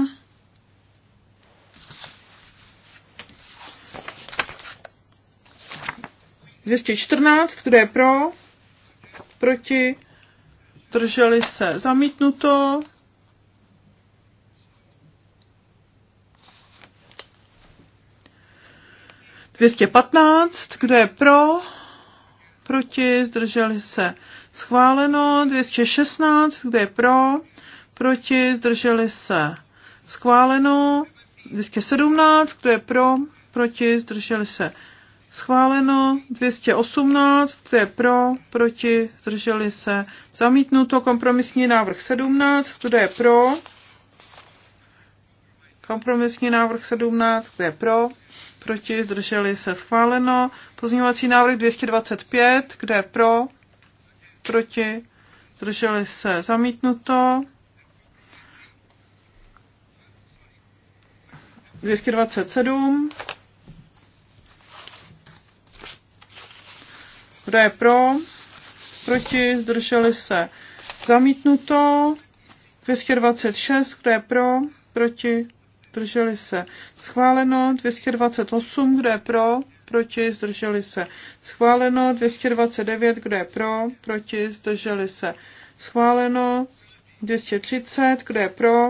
Dvěstě čtrnáct, kdo je pro? Proti? Drželi se zamítnuto. 215, kdo je pro? Proti, zdrželi se. Schváleno 216, kdo je pro? Proti, zdrželi se. Schváleno 217, kdo je pro? Proti, zdrželi se. Schváleno 218, kdo je pro, proti, zdrželi se. Zamítnuto kompromisní návrh 17, kdo je pro. Kompromisní návrh 17, kdo je pro, proti, zdrželi se schváleno. Pozměňovací návrh 225, kde pro, proti, zdrželi se zamítnuto. 227. Kdo je pro? Proti? Zdrželi se. Zamítnuto. 226. Kdo je pro? Proti? zdrželi se schváleno, 228, kdo je pro, proti, zdrželi se schváleno, 229, kdo je pro, proti, zdrželi se schváleno, 230, kdo je pro,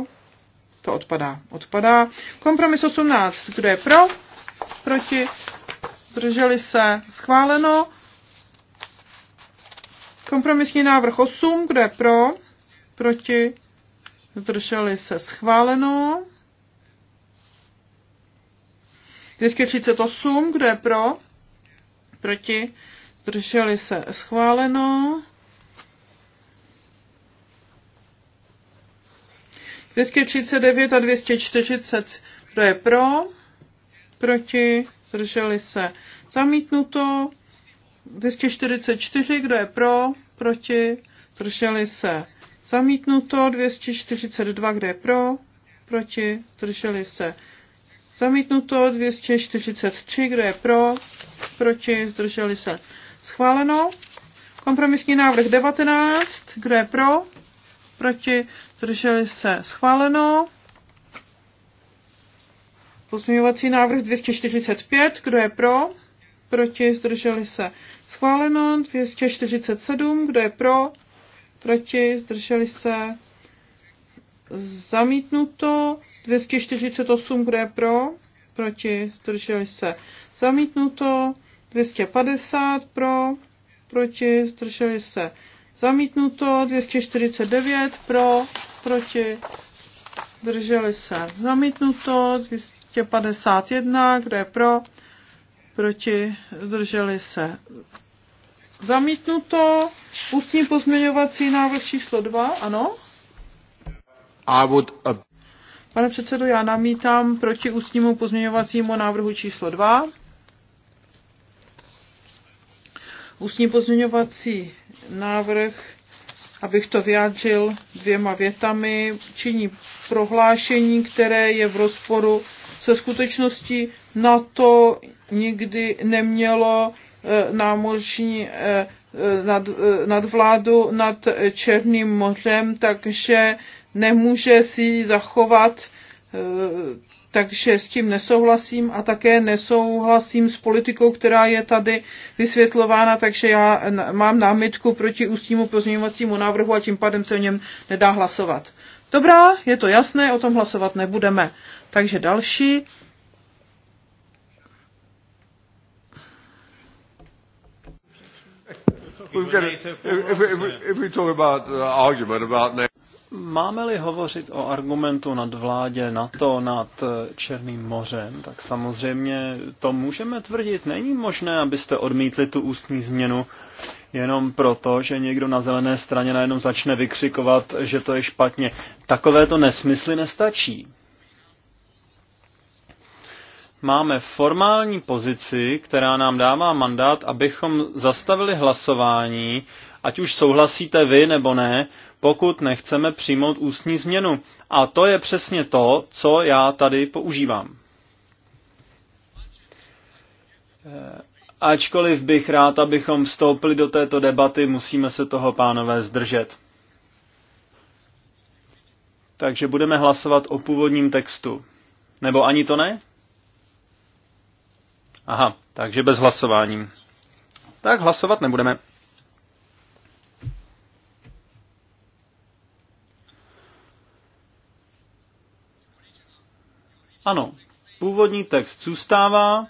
to odpadá, odpadá. Kompromis 18, kdo je pro, proti, zdrželi se schváleno, Kompromisní návrh 8, kdo je pro, proti, zdrželi se schváleno. 238, kdo je pro? Proti? Drželi se schváleno. 239 a 240, kdo je pro? Proti? Drželi se zamítnuto. 244, kdo je pro? Proti? Drželi se zamítnuto. 242, kdo je pro? Proti? Drželi se Zamítnuto 243, kdo je pro, proti, zdrželi se. Schváleno. Kompromisní návrh 19, kdo je pro, proti, zdrželi se. Schváleno. Pozměňovací návrh 245, kdo je pro, proti, zdrželi se. Schváleno 247, kdo je pro, proti, zdrželi se. Zamítnuto 248, kdo je pro, proti, zdrželi se. Zamítnuto, 250 pro, proti, zdrželi se. Zamítnuto, 249 pro, proti, zdrželi se. Zamítnuto, 251, kdo je pro, proti, zdrželi se. Zamítnuto, ústní pozměňovací návrh číslo 2, ano. I would uh, Pane předsedo, já namítám proti ústnímu pozměňovacímu návrhu číslo 2. Ústní pozměňovací návrh, abych to vyjádřil dvěma větami, činí prohlášení, které je v rozporu se skutečností na to nikdy nemělo eh, námořní eh, eh, nad, nad vládu nad Černým mořem, takže nemůže si ji zachovat, eh, takže s tím nesouhlasím a také nesouhlasím s politikou, která je tady vysvětlována, takže já mám námitku proti ústnímu pozměňovacímu návrhu a tím pádem se o něm nedá hlasovat. Dobrá, je to jasné, o tom hlasovat nebudeme. Takže další. We've got, if, if, if, if we talk about the argument about Máme-li hovořit o argumentu nad vládě NATO nad eh, Černým mořem, tak samozřejmě to můžeme tvrdit. Není možné, abyste odmítli tu ústní změnu jenom proto, že někdo na zelené straně najednou začne vykřikovat, že to je špatně. Takovéto nesmysly nestačí. Máme formální pozici, která nám dává mandát, abychom zastavili hlasování ať už souhlasíte vy nebo ne, pokud nechceme přijmout ústní změnu. A to je přesně to, co já tady používám. Eh, ačkoliv bych rád, abychom vstoupili do této debaty, musíme se toho, pánové, zdržet. Takže budeme hlasovat o původním textu. Nebo ani to ne? Aha, takže bez hlasování. Tak hlasovat nebudeme. Ano, původní text zůstává,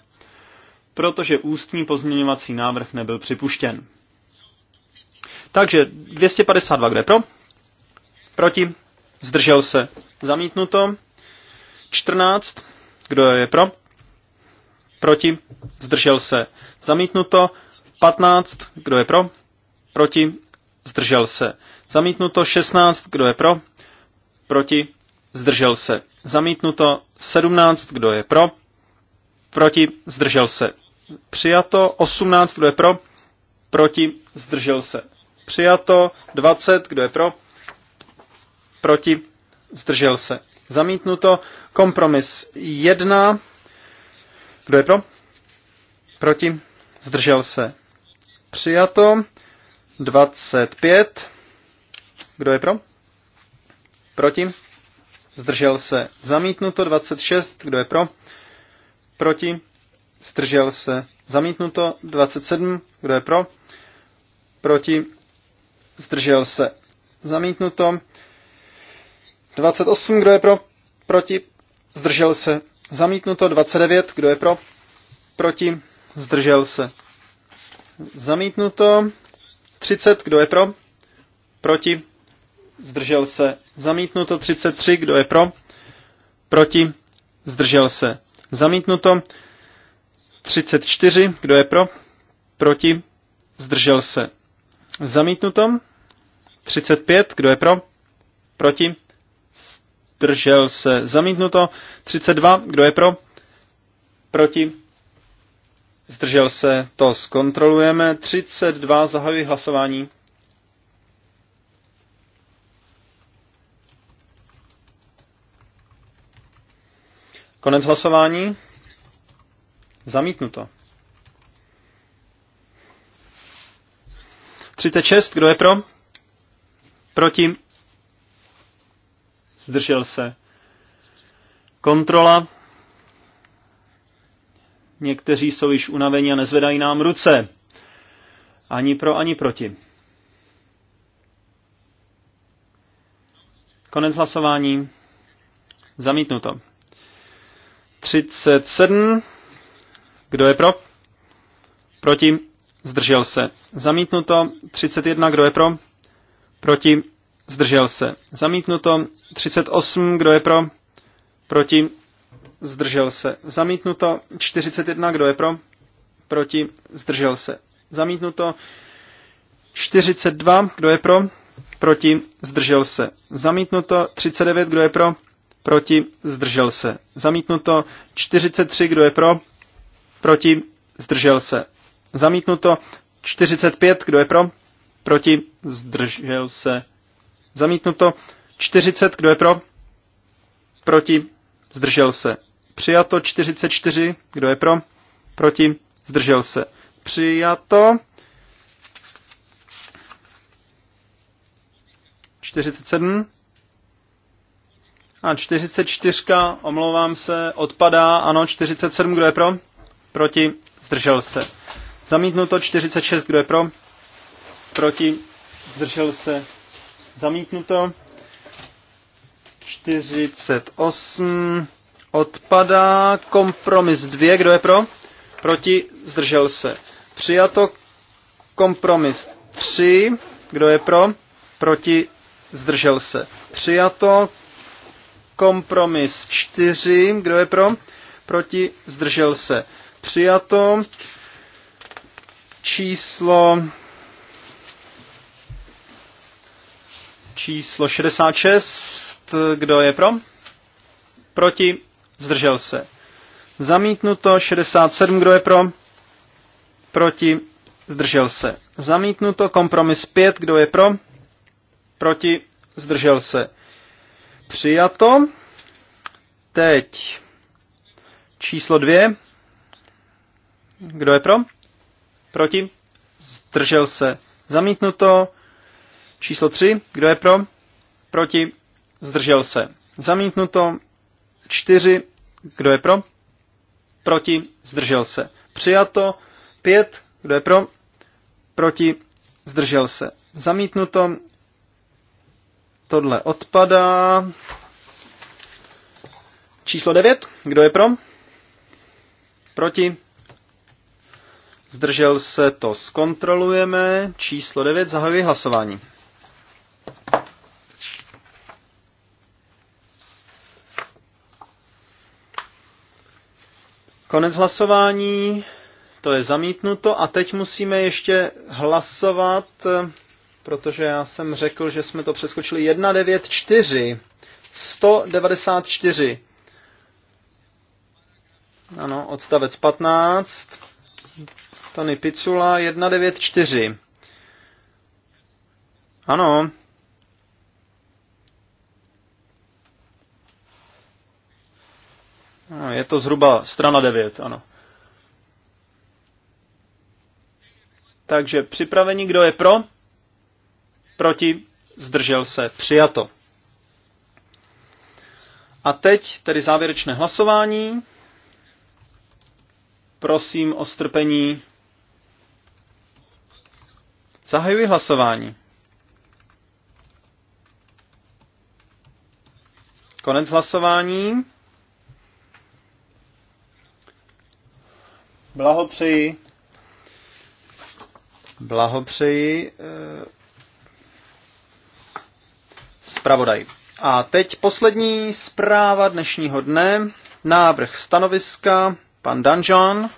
protože ústní pozměňovací návrh nebyl připuštěn. Takže 252, kde pro? Proti? Zdržel se. Zamítnuto. 14. Kdo je pro? Proti? Zdržel se. Zamítnuto. 15. Kdo je pro? Proti? Zdržel se. Zamítnuto. 16. Kdo je pro? Proti? zdržel se. Zamítnuto 17, kdo je pro, proti, zdržel se. Přijato 18, kdo je pro, proti, zdržel se. Přijato 20, kdo je pro, proti, zdržel se. Zamítnuto kompromis 1, kdo je pro, proti, zdržel se. Přijato 25, kdo je pro, proti, zdržel se, zamítnuto 26, kdo je pro, proti, zdržel se, zamítnuto 27, kdo je pro, proti, zdržel se, zamítnuto 28, kdo je pro, proti, zdržel se, zamítnuto 29, kdo je pro, proti, zdržel se, zamítnuto 30, kdo je pro, proti, zdržel se, zamítnuto 33, kdo je pro, proti, zdržel se, zamítnuto 34, kdo je pro, proti, zdržel se, zamítnuto 35, kdo je pro, proti, zdržel se, zamítnuto 32, kdo je pro, proti, zdržel se, to zkontrolujeme, 32, zahajuji hlasování. Konec hlasování. Zamítnuto. 36, kdo je pro? Proti? Zdržel se. Kontrola. Někteří jsou již unavení a nezvedají nám ruce. Ani pro, ani proti. Konec hlasování. Zamítnuto. 37. Kdo je pro? Proti? Zdržel se. Zamítnuto. 31. Kdo je pro? Proti? Zdržel se. Zamítnuto. 38. Kdo je pro? Proti? Zdržel se. Zamítnuto. 41. Kdo je pro? Proti? Zdržel se. Zamítnuto. 42. Kdo je pro? Proti? Zdržel se. Zamítnuto. 39. Kdo je pro? proti, zdržel se. Zamítnuto 43, kdo je pro, proti, zdržel se. Zamítnuto 45, kdo je pro, proti, zdržel se. Zamítnuto 40, kdo je pro, proti, zdržel se. Přijato 44, kdo je pro, proti, zdržel se. Přijato 47, a 44, omlouvám se, odpadá, ano, 47, kdo je pro? Proti, zdržel se. Zamítnuto 46, kdo je pro? Proti, zdržel se. Zamítnuto. 48, odpadá. Kompromis 2, kdo je pro? Proti, zdržel se. Přijato kompromis 3, kdo je pro? Proti, zdržel se. Přijato Kompromis 4, kdo je pro? Proti, zdržel se. Přijato. Číslo číslo 66, kdo je pro? Proti, zdržel se. Zamítnuto 67, kdo je pro? Proti, zdržel se. Zamítnuto kompromis 5, kdo je pro? Proti, zdržel se. Přijato. Teď číslo dvě. Kdo je pro? Proti? Zdržel se. Zamítnuto. Číslo tři. Kdo je pro? Proti? Zdržel se. Zamítnuto. Čtyři. Kdo je pro? Proti? Zdržel se. Přijato. Pět. Kdo je pro? Proti? Zdržel se. Zamítnuto. Tohle odpadá. Číslo 9. Kdo je pro? Proti? Zdržel se to. Zkontrolujeme. Číslo 9. Zahajuji hlasování. Konec hlasování, to je zamítnuto a teď musíme ještě hlasovat protože já jsem řekl, že jsme to přeskočili 194. 194. Ano, odstavec 15. Tony Picula 194. Ano. No, je to zhruba strana 9, ano. Takže připravení, kdo je pro? proti, zdržel se, přijato. A teď tedy závěrečné hlasování. Prosím o strpení. Zahajuji hlasování. Konec hlasování. Blahopřeji. Blahopřeji eh, zpravodaj. A teď poslední zpráva dnešního dne. Návrh stanoviska, pan Danžan.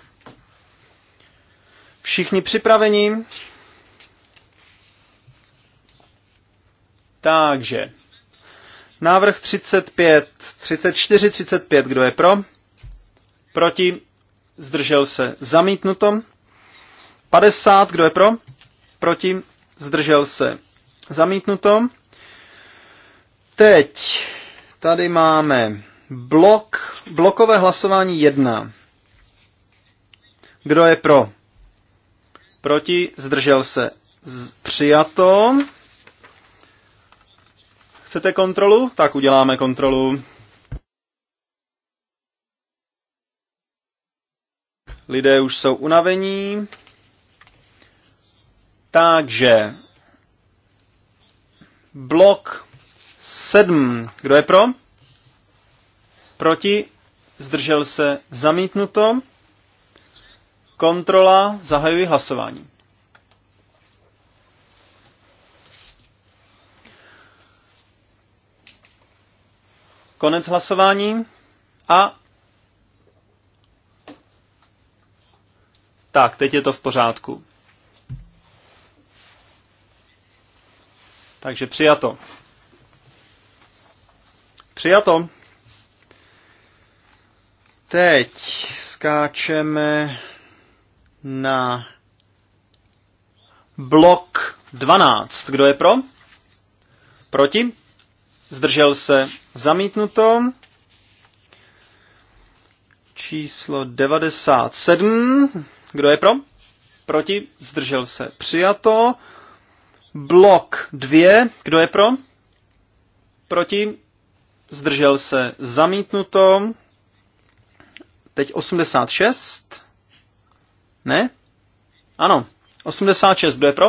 Všichni připraveni? Takže, návrh 35, 34, 35, kdo je pro? Proti, zdržel se, zamítnuto. 50, kdo je pro? Proti, zdržel se, zamítnuto. Teď tady máme blok, blokové hlasování 1. Kdo je pro? Proti, zdržel se. Z, přijato. Chcete kontrolu? Tak uděláme kontrolu. Lidé už jsou unavení. Takže blok 7. Kdo je pro? Proti? Zdržel se? Zamítnuto? Kontrola. Zahajuji hlasování. Konec hlasování. A tak, teď je to v pořádku. Takže přijato. Přijato. Teď skáčeme na blok 12. Kdo je pro? Proti? Zdržel se zamítnuto. Číslo 97. Kdo je pro? Proti? Zdržel se přijato. Blok 2. Kdo je pro? Proti? zdržel se zamítnuto. Teď 86. Ne? Ano. 86, kdo je pro?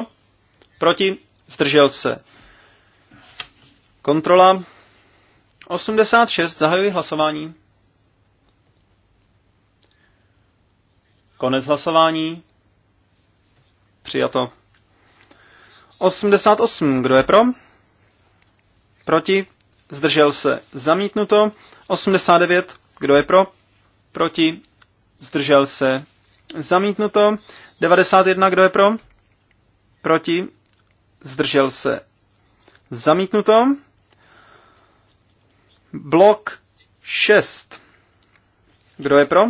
Proti, zdržel se. Kontrola. 86, zahajuji hlasování. Konec hlasování. Přijato. 88, kdo je pro? Proti, zdržel se, zamítnuto. 89, kdo je pro, proti, zdržel se, zamítnuto. 91, kdo je pro, proti, zdržel se, zamítnuto. Blok 6. Kdo je pro?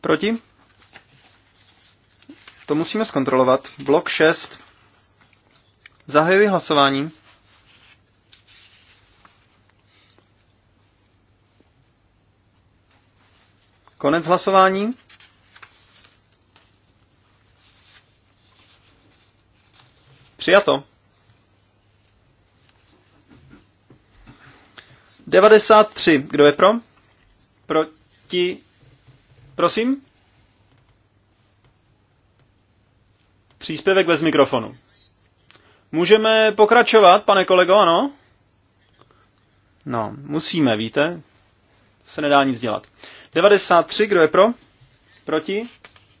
Proti? To musíme zkontrolovat. Blok 6. Zahajuji hlasování. Konec hlasování. Přijato. 93. Kdo je pro? Proti. Prosím? Příspěvek bez mikrofonu. Můžeme pokračovat, pane kolego, ano? No, musíme, víte? Se nedá nic dělat. 93, kdo je pro? Proti?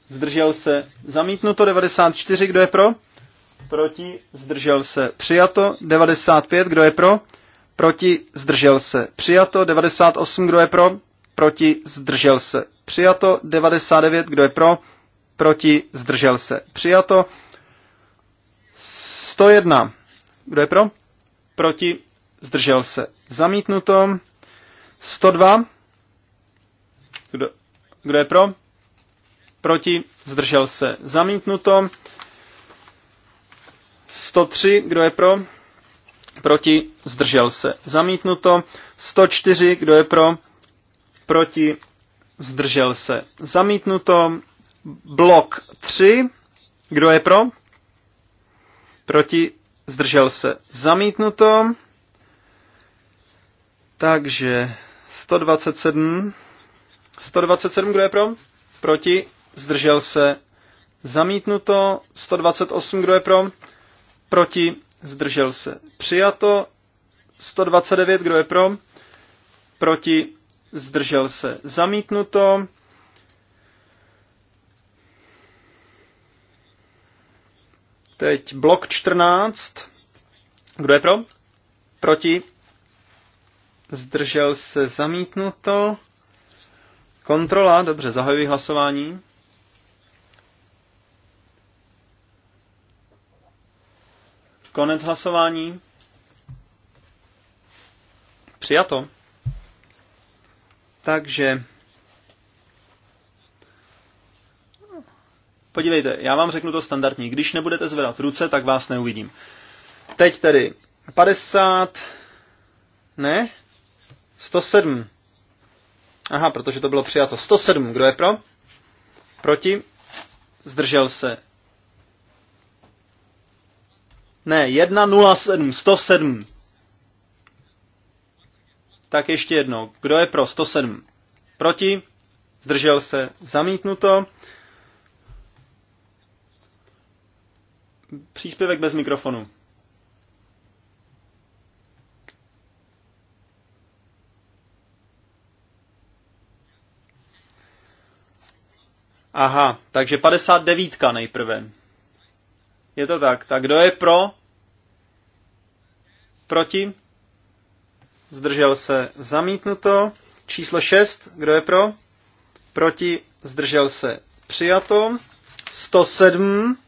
Zdržel se. Zamítnuto. 94, kdo je pro? Proti? Zdržel se. Přijato. 95, kdo je pro? Proti? Zdržel se. Přijato. 98, kdo je pro? Proti? Zdržel se. Přijato. 99, kdo je pro? Proti? Zdržel se. Přijato. 101. Kdo je pro? Proti? Zdržel se. Zamítnuto. 102. Kdo, kdo je pro? Proti? Zdržel se. Zamítnuto. 103. Kdo je pro? Proti? Zdržel se. Zamítnuto. 104. Kdo je pro? Proti? Zdržel se. Zamítnuto. Blok 3. Kdo je pro? Proti? Zdržel se. Zamítnuto. Takže 127 127, kdo je pro? Proti. Zdržel se. Zamítnuto. 128, kdo je pro? Proti. Zdržel se. Přijato. 129, kdo je pro? Proti. Zdržel se. Zamítnuto. Teď blok 14. Kdo je pro? Proti. Zdržel se zamítnuto. Kontrola, dobře, zahajuji hlasování. Konec hlasování. Přijato. Takže podívejte, já vám řeknu to standardní. Když nebudete zvedat ruce, tak vás neuvidím. Teď tedy 50, ne? 107. Aha, protože to bylo přijato. 107, kdo je pro? Proti? Zdržel se. Ne, 107, 107. Tak ještě jednou. Kdo je pro? 107. Proti? Zdržel se. Zamítnuto. Příspěvek bez mikrofonu. Aha, takže 59 nejprve. Je to tak. Tak kdo je pro? Proti? Zdržel se zamítnuto. Číslo 6. Kdo je pro? Proti? Zdržel se přijato. 107.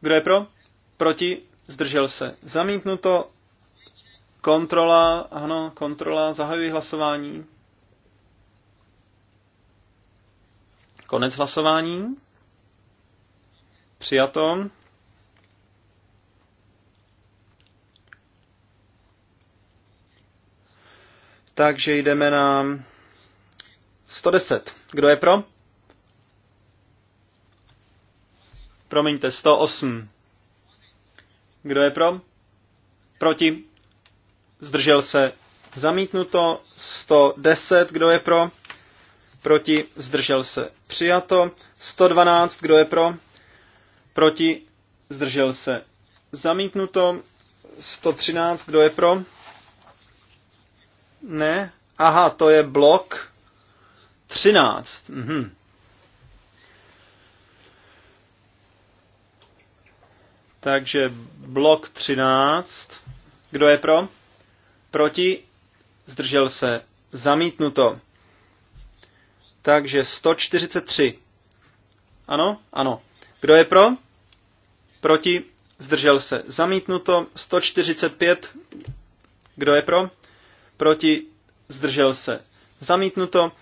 Kdo je pro? Proti? Zdržel se zamítnuto. Kontrola, ano, kontrola, zahajuji hlasování. Konec hlasování. Přijato. Takže jdeme na 110. Kdo je pro? Promiňte, 108. Kdo je pro? Proti? Zdržel se. Zamítnuto. 110. Kdo je pro? proti, zdržel se, přijato. 112, kdo je pro, proti, zdržel se, zamítnuto. 113, kdo je pro? Ne. Aha, to je blok 13. Mhm. Takže blok 13. Kdo je pro? Proti? Zdržel se. Zamítnuto. Takže 143. Ano? Ano. Kdo je pro? Proti? Zdržel se. Zamítnuto. 145. Kdo je pro? Proti? Zdržel se. Zamítnuto.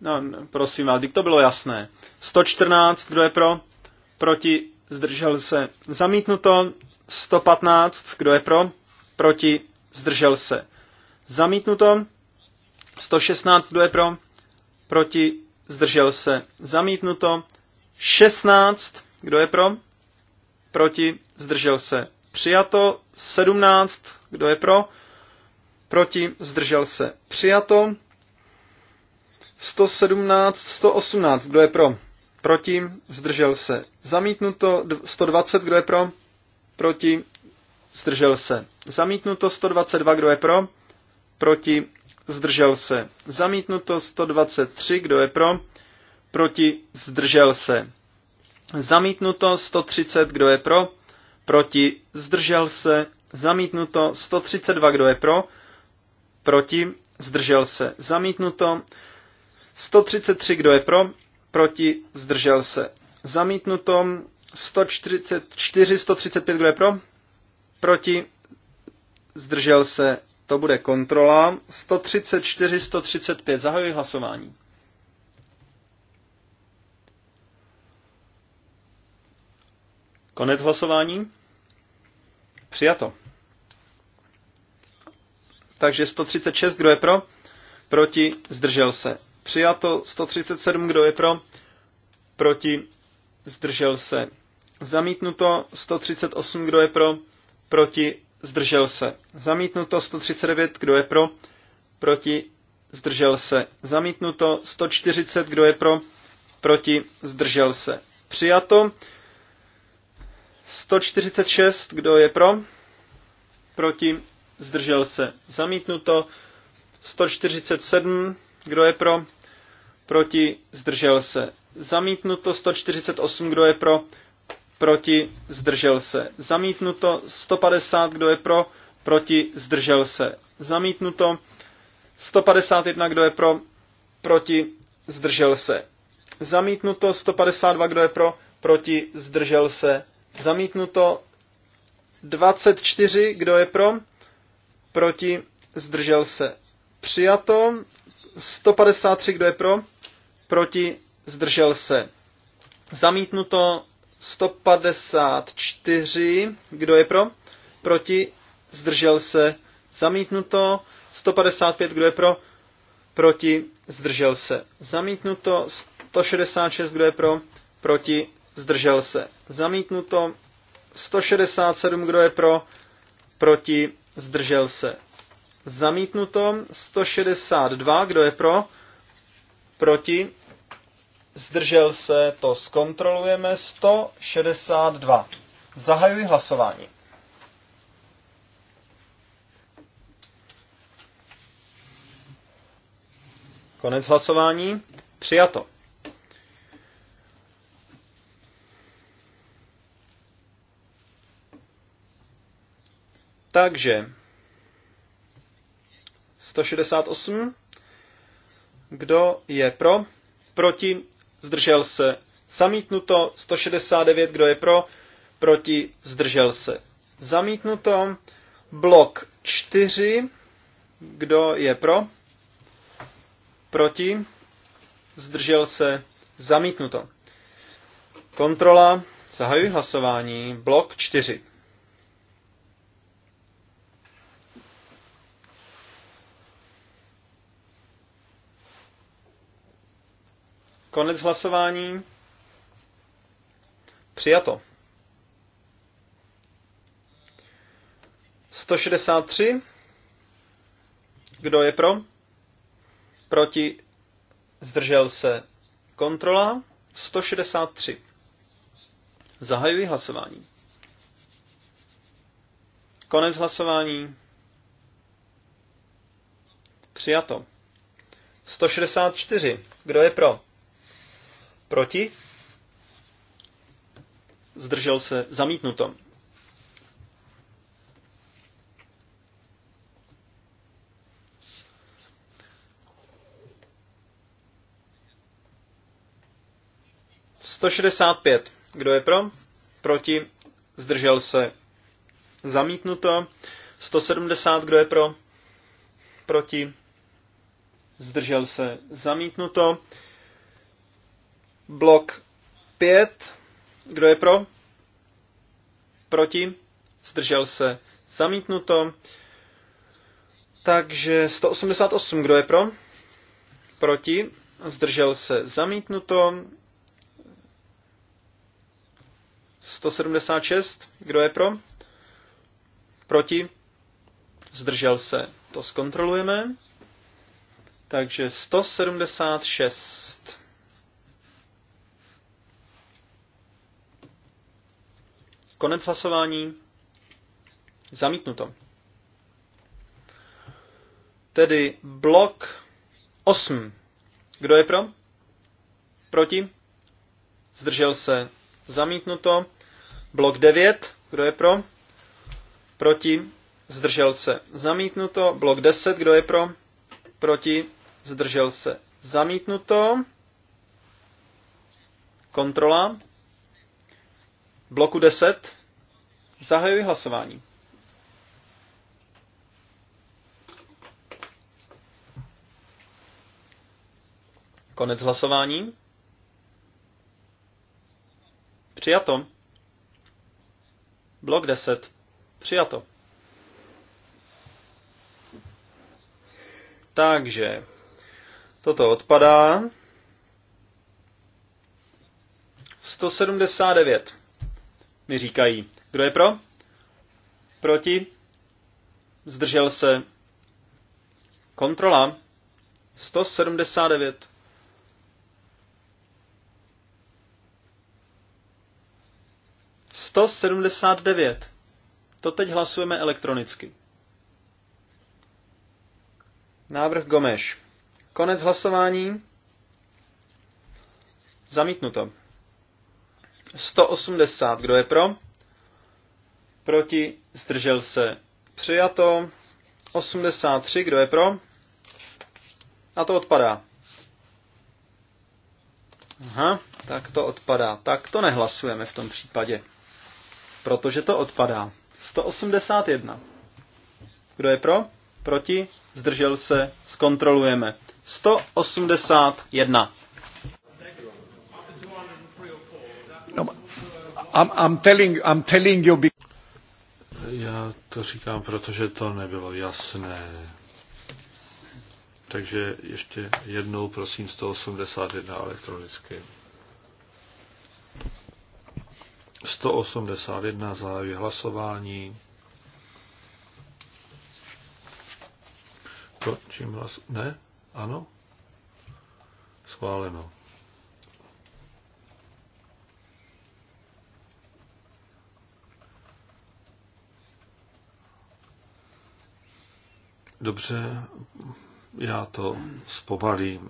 No, prosím vás, to bylo jasné. 114, kdo je pro? Proti, zdržel se. Zamítnuto. 115, kdo je pro? Proti, zdržel se. Zamítnuto. 116, kdo je pro? Proti, zdržel se, zamítnuto. 16, kdo je pro? Proti, zdržel se, přijato. 17, kdo je pro? Proti, zdržel se, přijato. 117, 118, kdo je pro? Proti, zdržel se, zamítnuto. 120, kdo je pro? Proti, zdržel se. Zamítnuto 122, kdo je pro? Proti, zdržel se. Zamítnuto 123, kdo je pro, proti, zdržel se. Zamítnuto 130, kdo je pro, proti, zdržel se. Zamítnuto 132, kdo je pro, proti, zdržel se. Zamítnuto 133, kdo je pro, proti, zdržel se. Zamítnuto 144, 135, kdo je pro, proti, zdržel se. To bude kontrola. 134, 135. Zahajuji hlasování. Konec hlasování. Přijato. Takže 136, kdo je pro? Proti, zdržel se. Přijato 137, kdo je pro? Proti, zdržel se. Zamítnuto 138, kdo je pro? Proti, zdržel se. Zamítnuto 139, kdo je pro, proti, zdržel se. Zamítnuto 140, kdo je pro, proti, zdržel se. Přijato 146, kdo je pro, proti, zdržel se. Zamítnuto 147, kdo je pro, proti, zdržel se. Zamítnuto 148, kdo je pro, proti, zdržel se. Zamítnuto 150, kdo je pro, proti, zdržel se. Zamítnuto 151, kdo je pro, proti, zdržel se. Zamítnuto 152, kdo je pro, proti, zdržel se. Zamítnuto 24, kdo je pro, proti, zdržel se. Přijato 153, kdo je pro, proti, zdržel se. Zamítnuto 154, kdo je pro? Proti, zdržel se, zamítnuto. 155, kdo je pro? Proti, zdržel se, zamítnuto. 166, kdo je pro? Proti, zdržel se, zamítnuto. 167, kdo je pro? Proti, zdržel se, zamítnuto. 162, kdo je pro? Proti, zdržel se, to zkontrolujeme, 162. Zahajuji hlasování. Konec hlasování. Přijato. Takže 168. Kdo je pro? Proti? zdržel se. Zamítnuto 169, kdo je pro, proti, zdržel se. Zamítnuto blok 4, kdo je pro, proti, zdržel se, zamítnuto. Kontrola, zahajuji hlasování, blok 4. Konec hlasování. Přijato. 163. Kdo je pro? Proti zdržel se kontrola. 163. Zahajuji hlasování. Konec hlasování. Přijato. 164. Kdo je pro? Proti? Zdržel se zamítnuto. Sto šedesát pět. Kdo je pro? Proti? Zdržel se zamítnuto. 170, kdo je pro? Proti? Zdržel se zamítnuto. Blok 5. Kdo je pro? Proti? Zdržel se. Zamítnuto. Takže 188. Kdo je pro? Proti? Zdržel se. Zamítnuto. 176. Kdo je pro? Proti? Zdržel se. To zkontrolujeme. Takže 176. Konec hlasování. Zamítnuto. Tedy blok 8. Kdo je pro? Proti? Zdržel se. Zamítnuto. Blok 9. Kdo je pro? Proti? Zdržel se. Zamítnuto. Blok 10. Kdo je pro? Proti? Zdržel se. Zamítnuto. Kontrola bloku 10. Zahajuji hlasování. Konec hlasování. Přijato. Blok 10. Přijato. Takže toto odpadá. 179 mi říkají. Kdo je pro? Proti? Zdržel se? Kontrola? 179. Sto sedmdesát devět. To teď hlasujeme elektronicky. Návrh Gomeš. Konec hlasování. Zamítnuto. 180, kdo je pro? Proti, zdržel se, přijato. 83, kdo je pro? A to odpadá. Aha, tak to odpadá. Tak to nehlasujeme v tom případě. Protože to odpadá. 181. Kdo je pro? Proti? Zdržel se? Zkontrolujeme. 181. I'm, I'm telling, I'm telling you... Já to říkám, protože to nebylo jasné. Takže ještě jednou prosím 181 elektronicky. 181 zahájí hlasování. čím hlas... Ne? Ano? Schváleno. Dobře, já to zpomalím.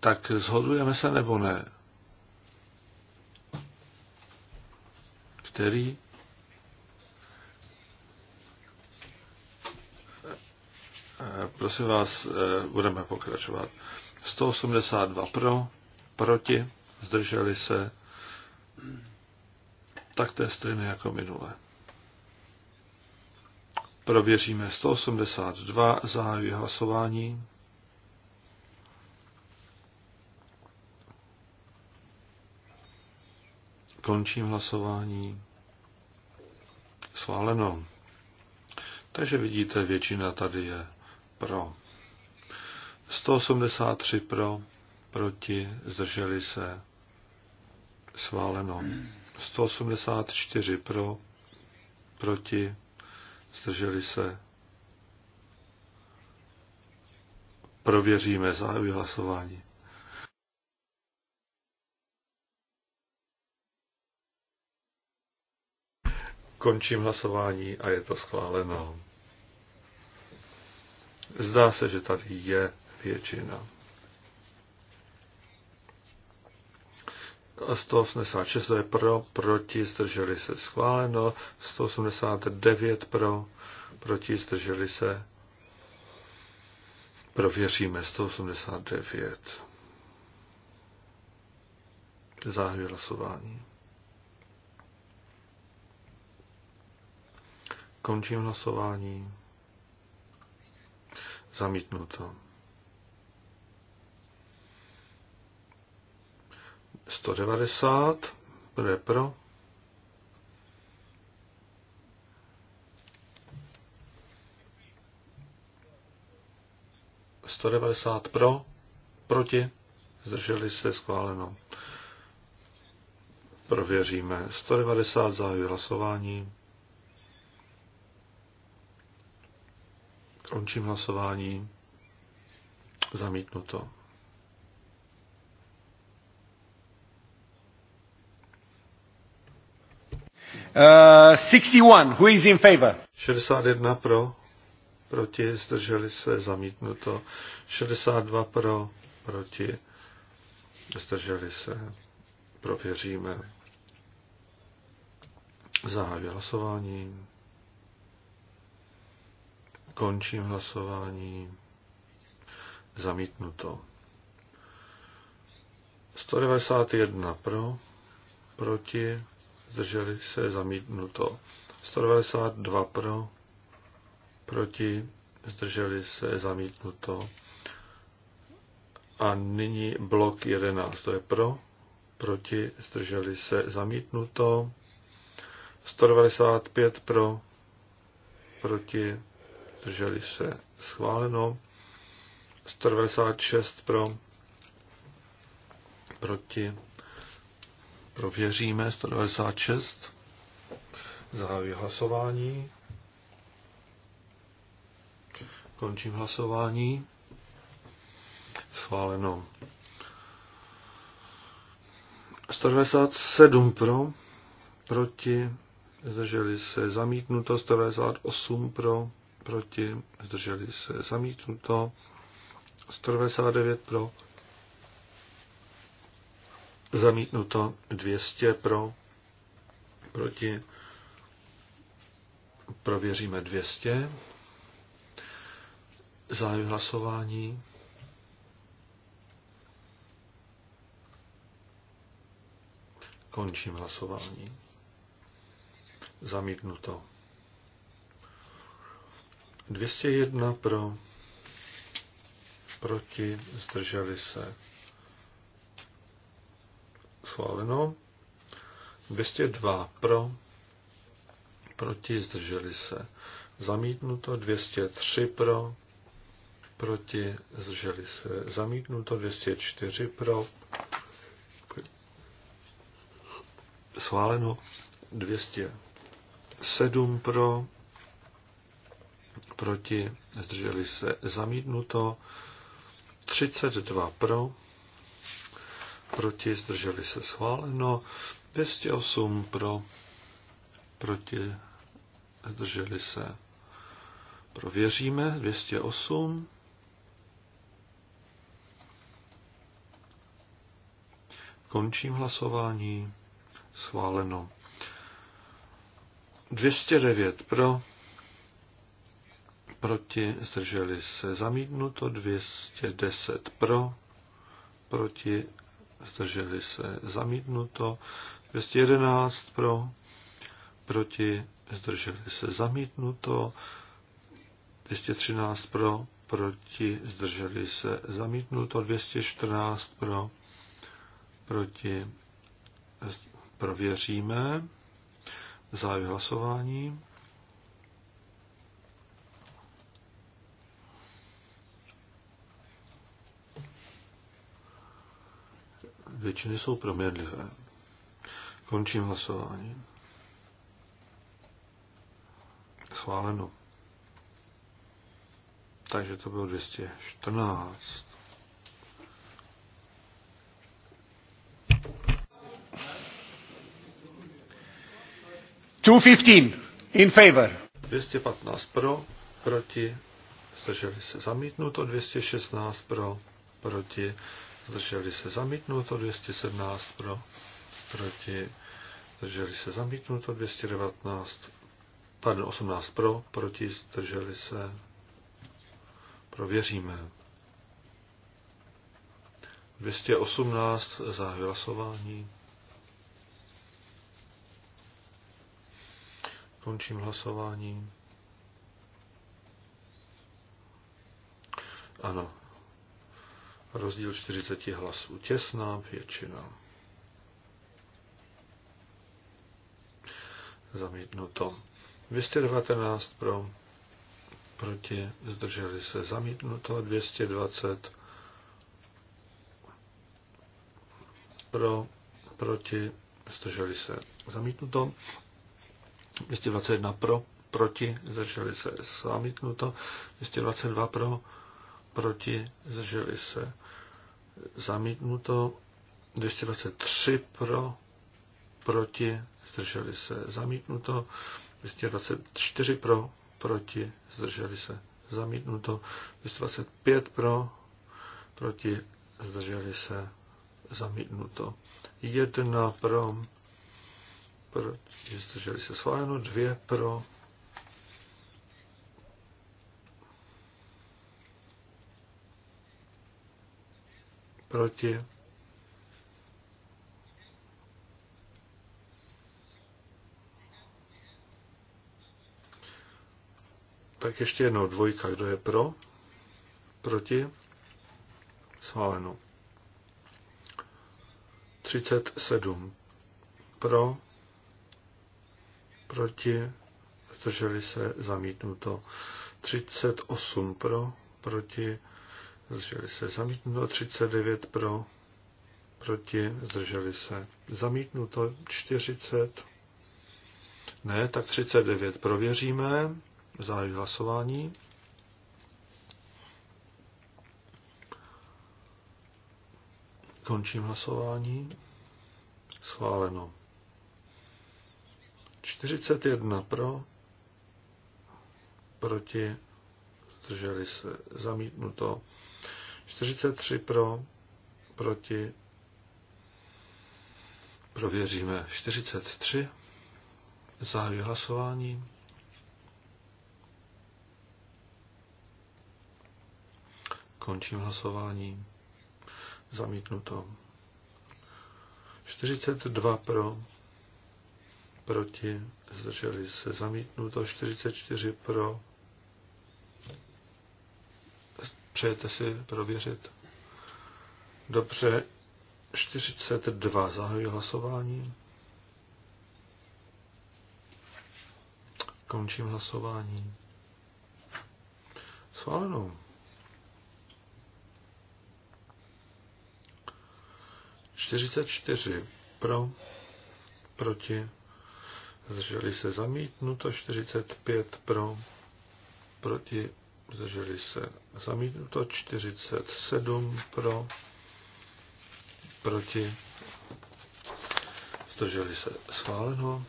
Tak zhodujeme se nebo ne? Který? Prosím vás, budeme pokračovat. 182 pro, proti, zdrželi se tak to je stejné jako minule. Prověříme 182, zahajuji hlasování. Končím hlasování. Sváleno. Takže vidíte, většina tady je pro. 183 pro, proti, zdrželi se. Sváleno. Hmm. 184 pro, proti, zdrželi se. Prověříme zájmy hlasování. Končím hlasování a je to schváleno. Zdá se, že tady je většina. 186 to je pro, proti, zdrželi se schváleno, 189 pro, proti, zdrželi se, prověříme 189. Zahajuji hlasování. Končím hlasování. Zamítnuto. 190. Kdo je pro? pro, proti, zdrželi se schváleno. Prověříme. 190 zahajuje hlasování. Končím hlasování. Zamítnuto. 61, eh, who is in favor? 61 pro, proti, zdrželi se, zamítnuto. 62 pro, proti, zdrželi se, prověříme. Zahájí hlasování. Končím hlasování. Zamítnuto. 191 pro, proti, zdrželi se, zamítnuto. 192 pro, proti, zdrželi se, zamítnuto. A nyní blok 11, to je pro, proti, zdrželi se, zamítnuto. 195 pro, proti, zdrželi se, schváleno. 196 pro, proti, Prověříme 196. Zahajuji hlasování. Končím hlasování. Schváleno. 197 pro, proti, zdrželi se zamítnuto, 198 pro, proti, zdrželi se zamítnuto, 199 pro, Zamítnuto 200 pro, proti. Prověříme 200. zájem hlasování. Končím hlasování. Zamítnuto. 201 pro, proti, zdrželi se schváleno. 202 pro, proti, zdrželi se. Zamítnuto 203 pro, proti, zdrželi se. Zamítnuto 204 pro, schváleno 207 pro, proti, zdrželi se. Zamítnuto 32 pro, proti, zdrželi se schváleno, 208 pro, proti, zdrželi se. Prověříme, 208. Končím hlasování, schváleno. 209 pro, proti, zdrželi se zamítnuto, 210 pro, proti, zdrželi se zamítnuto, 211 pro, proti, zdrželi se zamítnuto, 213 pro, proti, zdrželi se zamítnuto, 214 pro, proti, prověříme, zájem hlasování. Většiny jsou proměrlivé. Končím hlasování. Schváleno. Takže to bylo 214. Two fifteen in favor. 215 pro, proti, zdrželi se zamítnuto, 216 pro, proti, zdrželi se zamítnuto, 217 pro, proti, zdrželi se zamítnuto, 219, pardon, 18 pro, proti, zdrželi se, prověříme. 218 za hlasování. Končím hlasování. Ano, Rozdíl 40 hlasů. Těsná většina. Zamítnuto. 219 pro, proti, zdrželi se. Zamítnuto. 220 pro, proti, zdrželi se. Zamítnuto. 221 pro, proti, zdrželi se. Zamítnuto. 222 pro, proti, zdrželi se. Zamítnuto 223 pro, proti, zdrželi se. Zamítnuto 224 pro, proti, zdrželi se. Zamítnuto 225 pro, proti, zdrželi se. Zamítnuto 1 pro, proti, zdrželi se. Schváleno 2 pro, proti, Tak ještě jednou dvojka, kdo je pro, proti, schváleno. 37 pro, proti, zdrželi se, zamítnuto. 38 pro, proti, zdrželi se zamítnuto, 39 pro, proti, zdrželi se zamítnuto, 40, ne, tak 39 prověříme, zájí hlasování. Končím hlasování. Schváleno. 41 pro, proti, zdrželi se zamítnuto. 43 pro, proti, prověříme 43, zahajuji hlasování. Končím hlasování. Zamítnuto. 42 pro, proti, zdrželi se zamítnuto, 44 pro, Přejete si prověřit? Dobře, 42. Zahajuji hlasování. Končím hlasování. Schváleno. Čtyřicet čtyři pro, proti, zdrželi se zamítnuto, 45 pro, proti, zdrželi se zamítnuto, 47 pro, proti, zdrželi se schváleno,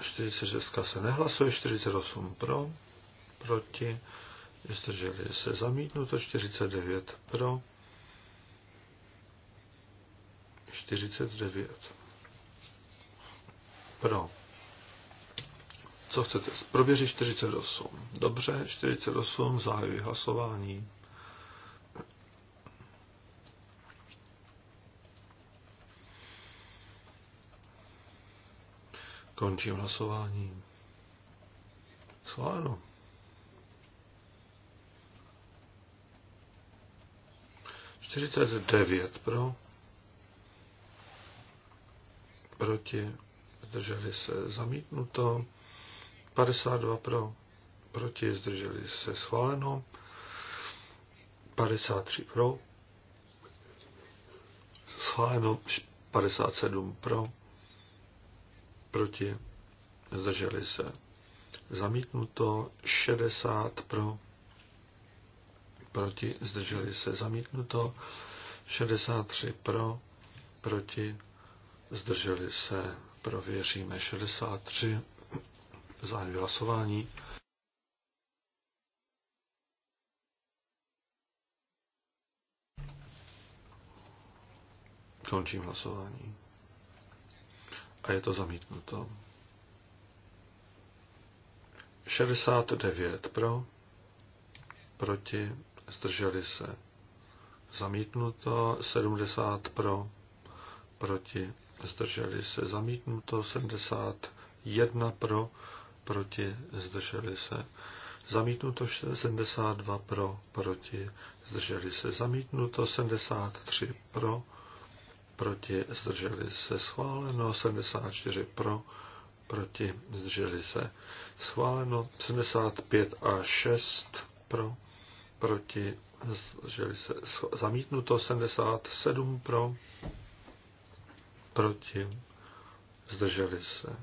46 se nehlasuje, 48 pro, proti, zdrželi se zamítnuto, 49 pro, 49 pro co chcete? Prověři 48. Dobře, 48, zahajuji hlasování. Končím hlasování. Sláno. Čtyřicet devět pro. Proti. Drželi se zamítnuto. 52 pro, proti, zdrželi se schváleno. 53 pro, schváleno. 57 pro, proti, zdrželi se. Zamítnuto 60 pro, proti, zdrželi se. Zamítnuto 63 pro, proti, zdrželi se. Prověříme 63. Zahajuji hlasování. Končím hlasování. A je to zamítnuto. 69 pro, proti, zdrželi se. Zamítnuto 70 pro, proti, zdrželi se. Zamítnuto 71 pro, proti, zdrželi se. Zamítnuto 72 pro, proti, zdrželi se. Zamítnuto 73 pro, proti, zdrželi se. Schváleno 74 pro, proti, zdrželi se. Schváleno 75 a 6 pro, proti, zdrželi se. Zamítnuto 77 pro, proti, zdrželi se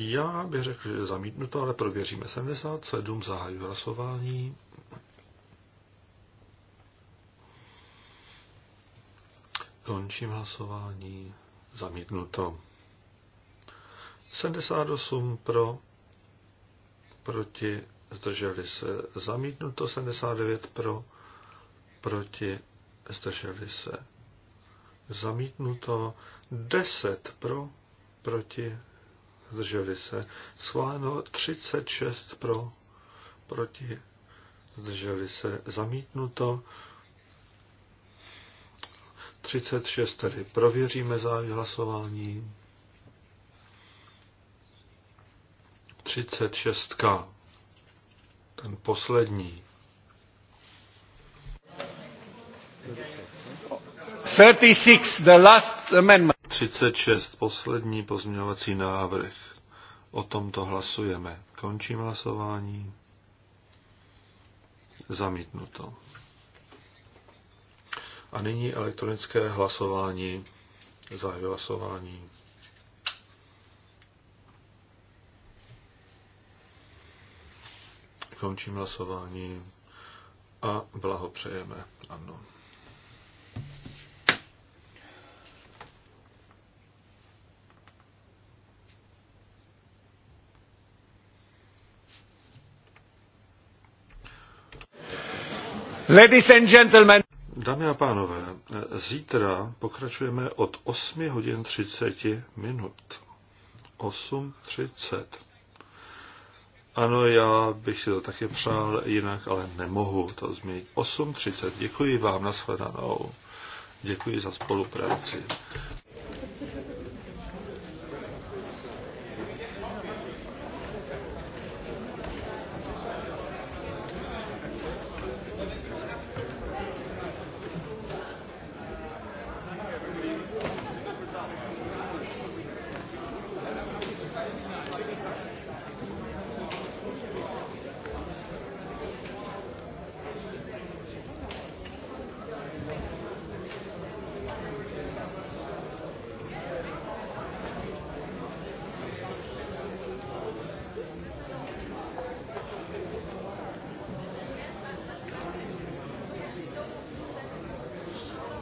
já bych řekl, že zamítnuto, ale prověříme 77, zahajuji hlasování. Končím hlasování. Zamítnuto. 78 pro, proti, zdrželi se. Zamítnuto 79 pro, proti, zdrželi se. Zamítnuto 10 pro, proti, zdrželi se. Schváleno 36 pro, proti, zdrželi se. Zamítnuto 36, tedy prověříme za hlasování. 36. Ten poslední. Thirty six, the last amendment. 36, poslední pozměňovací návrh. O tomto hlasujeme. Končím hlasování. Zamítnuto. A nyní elektronické hlasování. Zahajuji hlasování. Končím hlasování a blahopřejeme. Ano. Ladies and gentlemen. Dámy a pánové, zítra pokračujeme od 8 hodin 30 minut. 8.30. Ano, já bych si to taky přál jinak, ale nemohu to změnit. 8.30. Děkuji vám, nashledanou. Děkuji za spolupráci.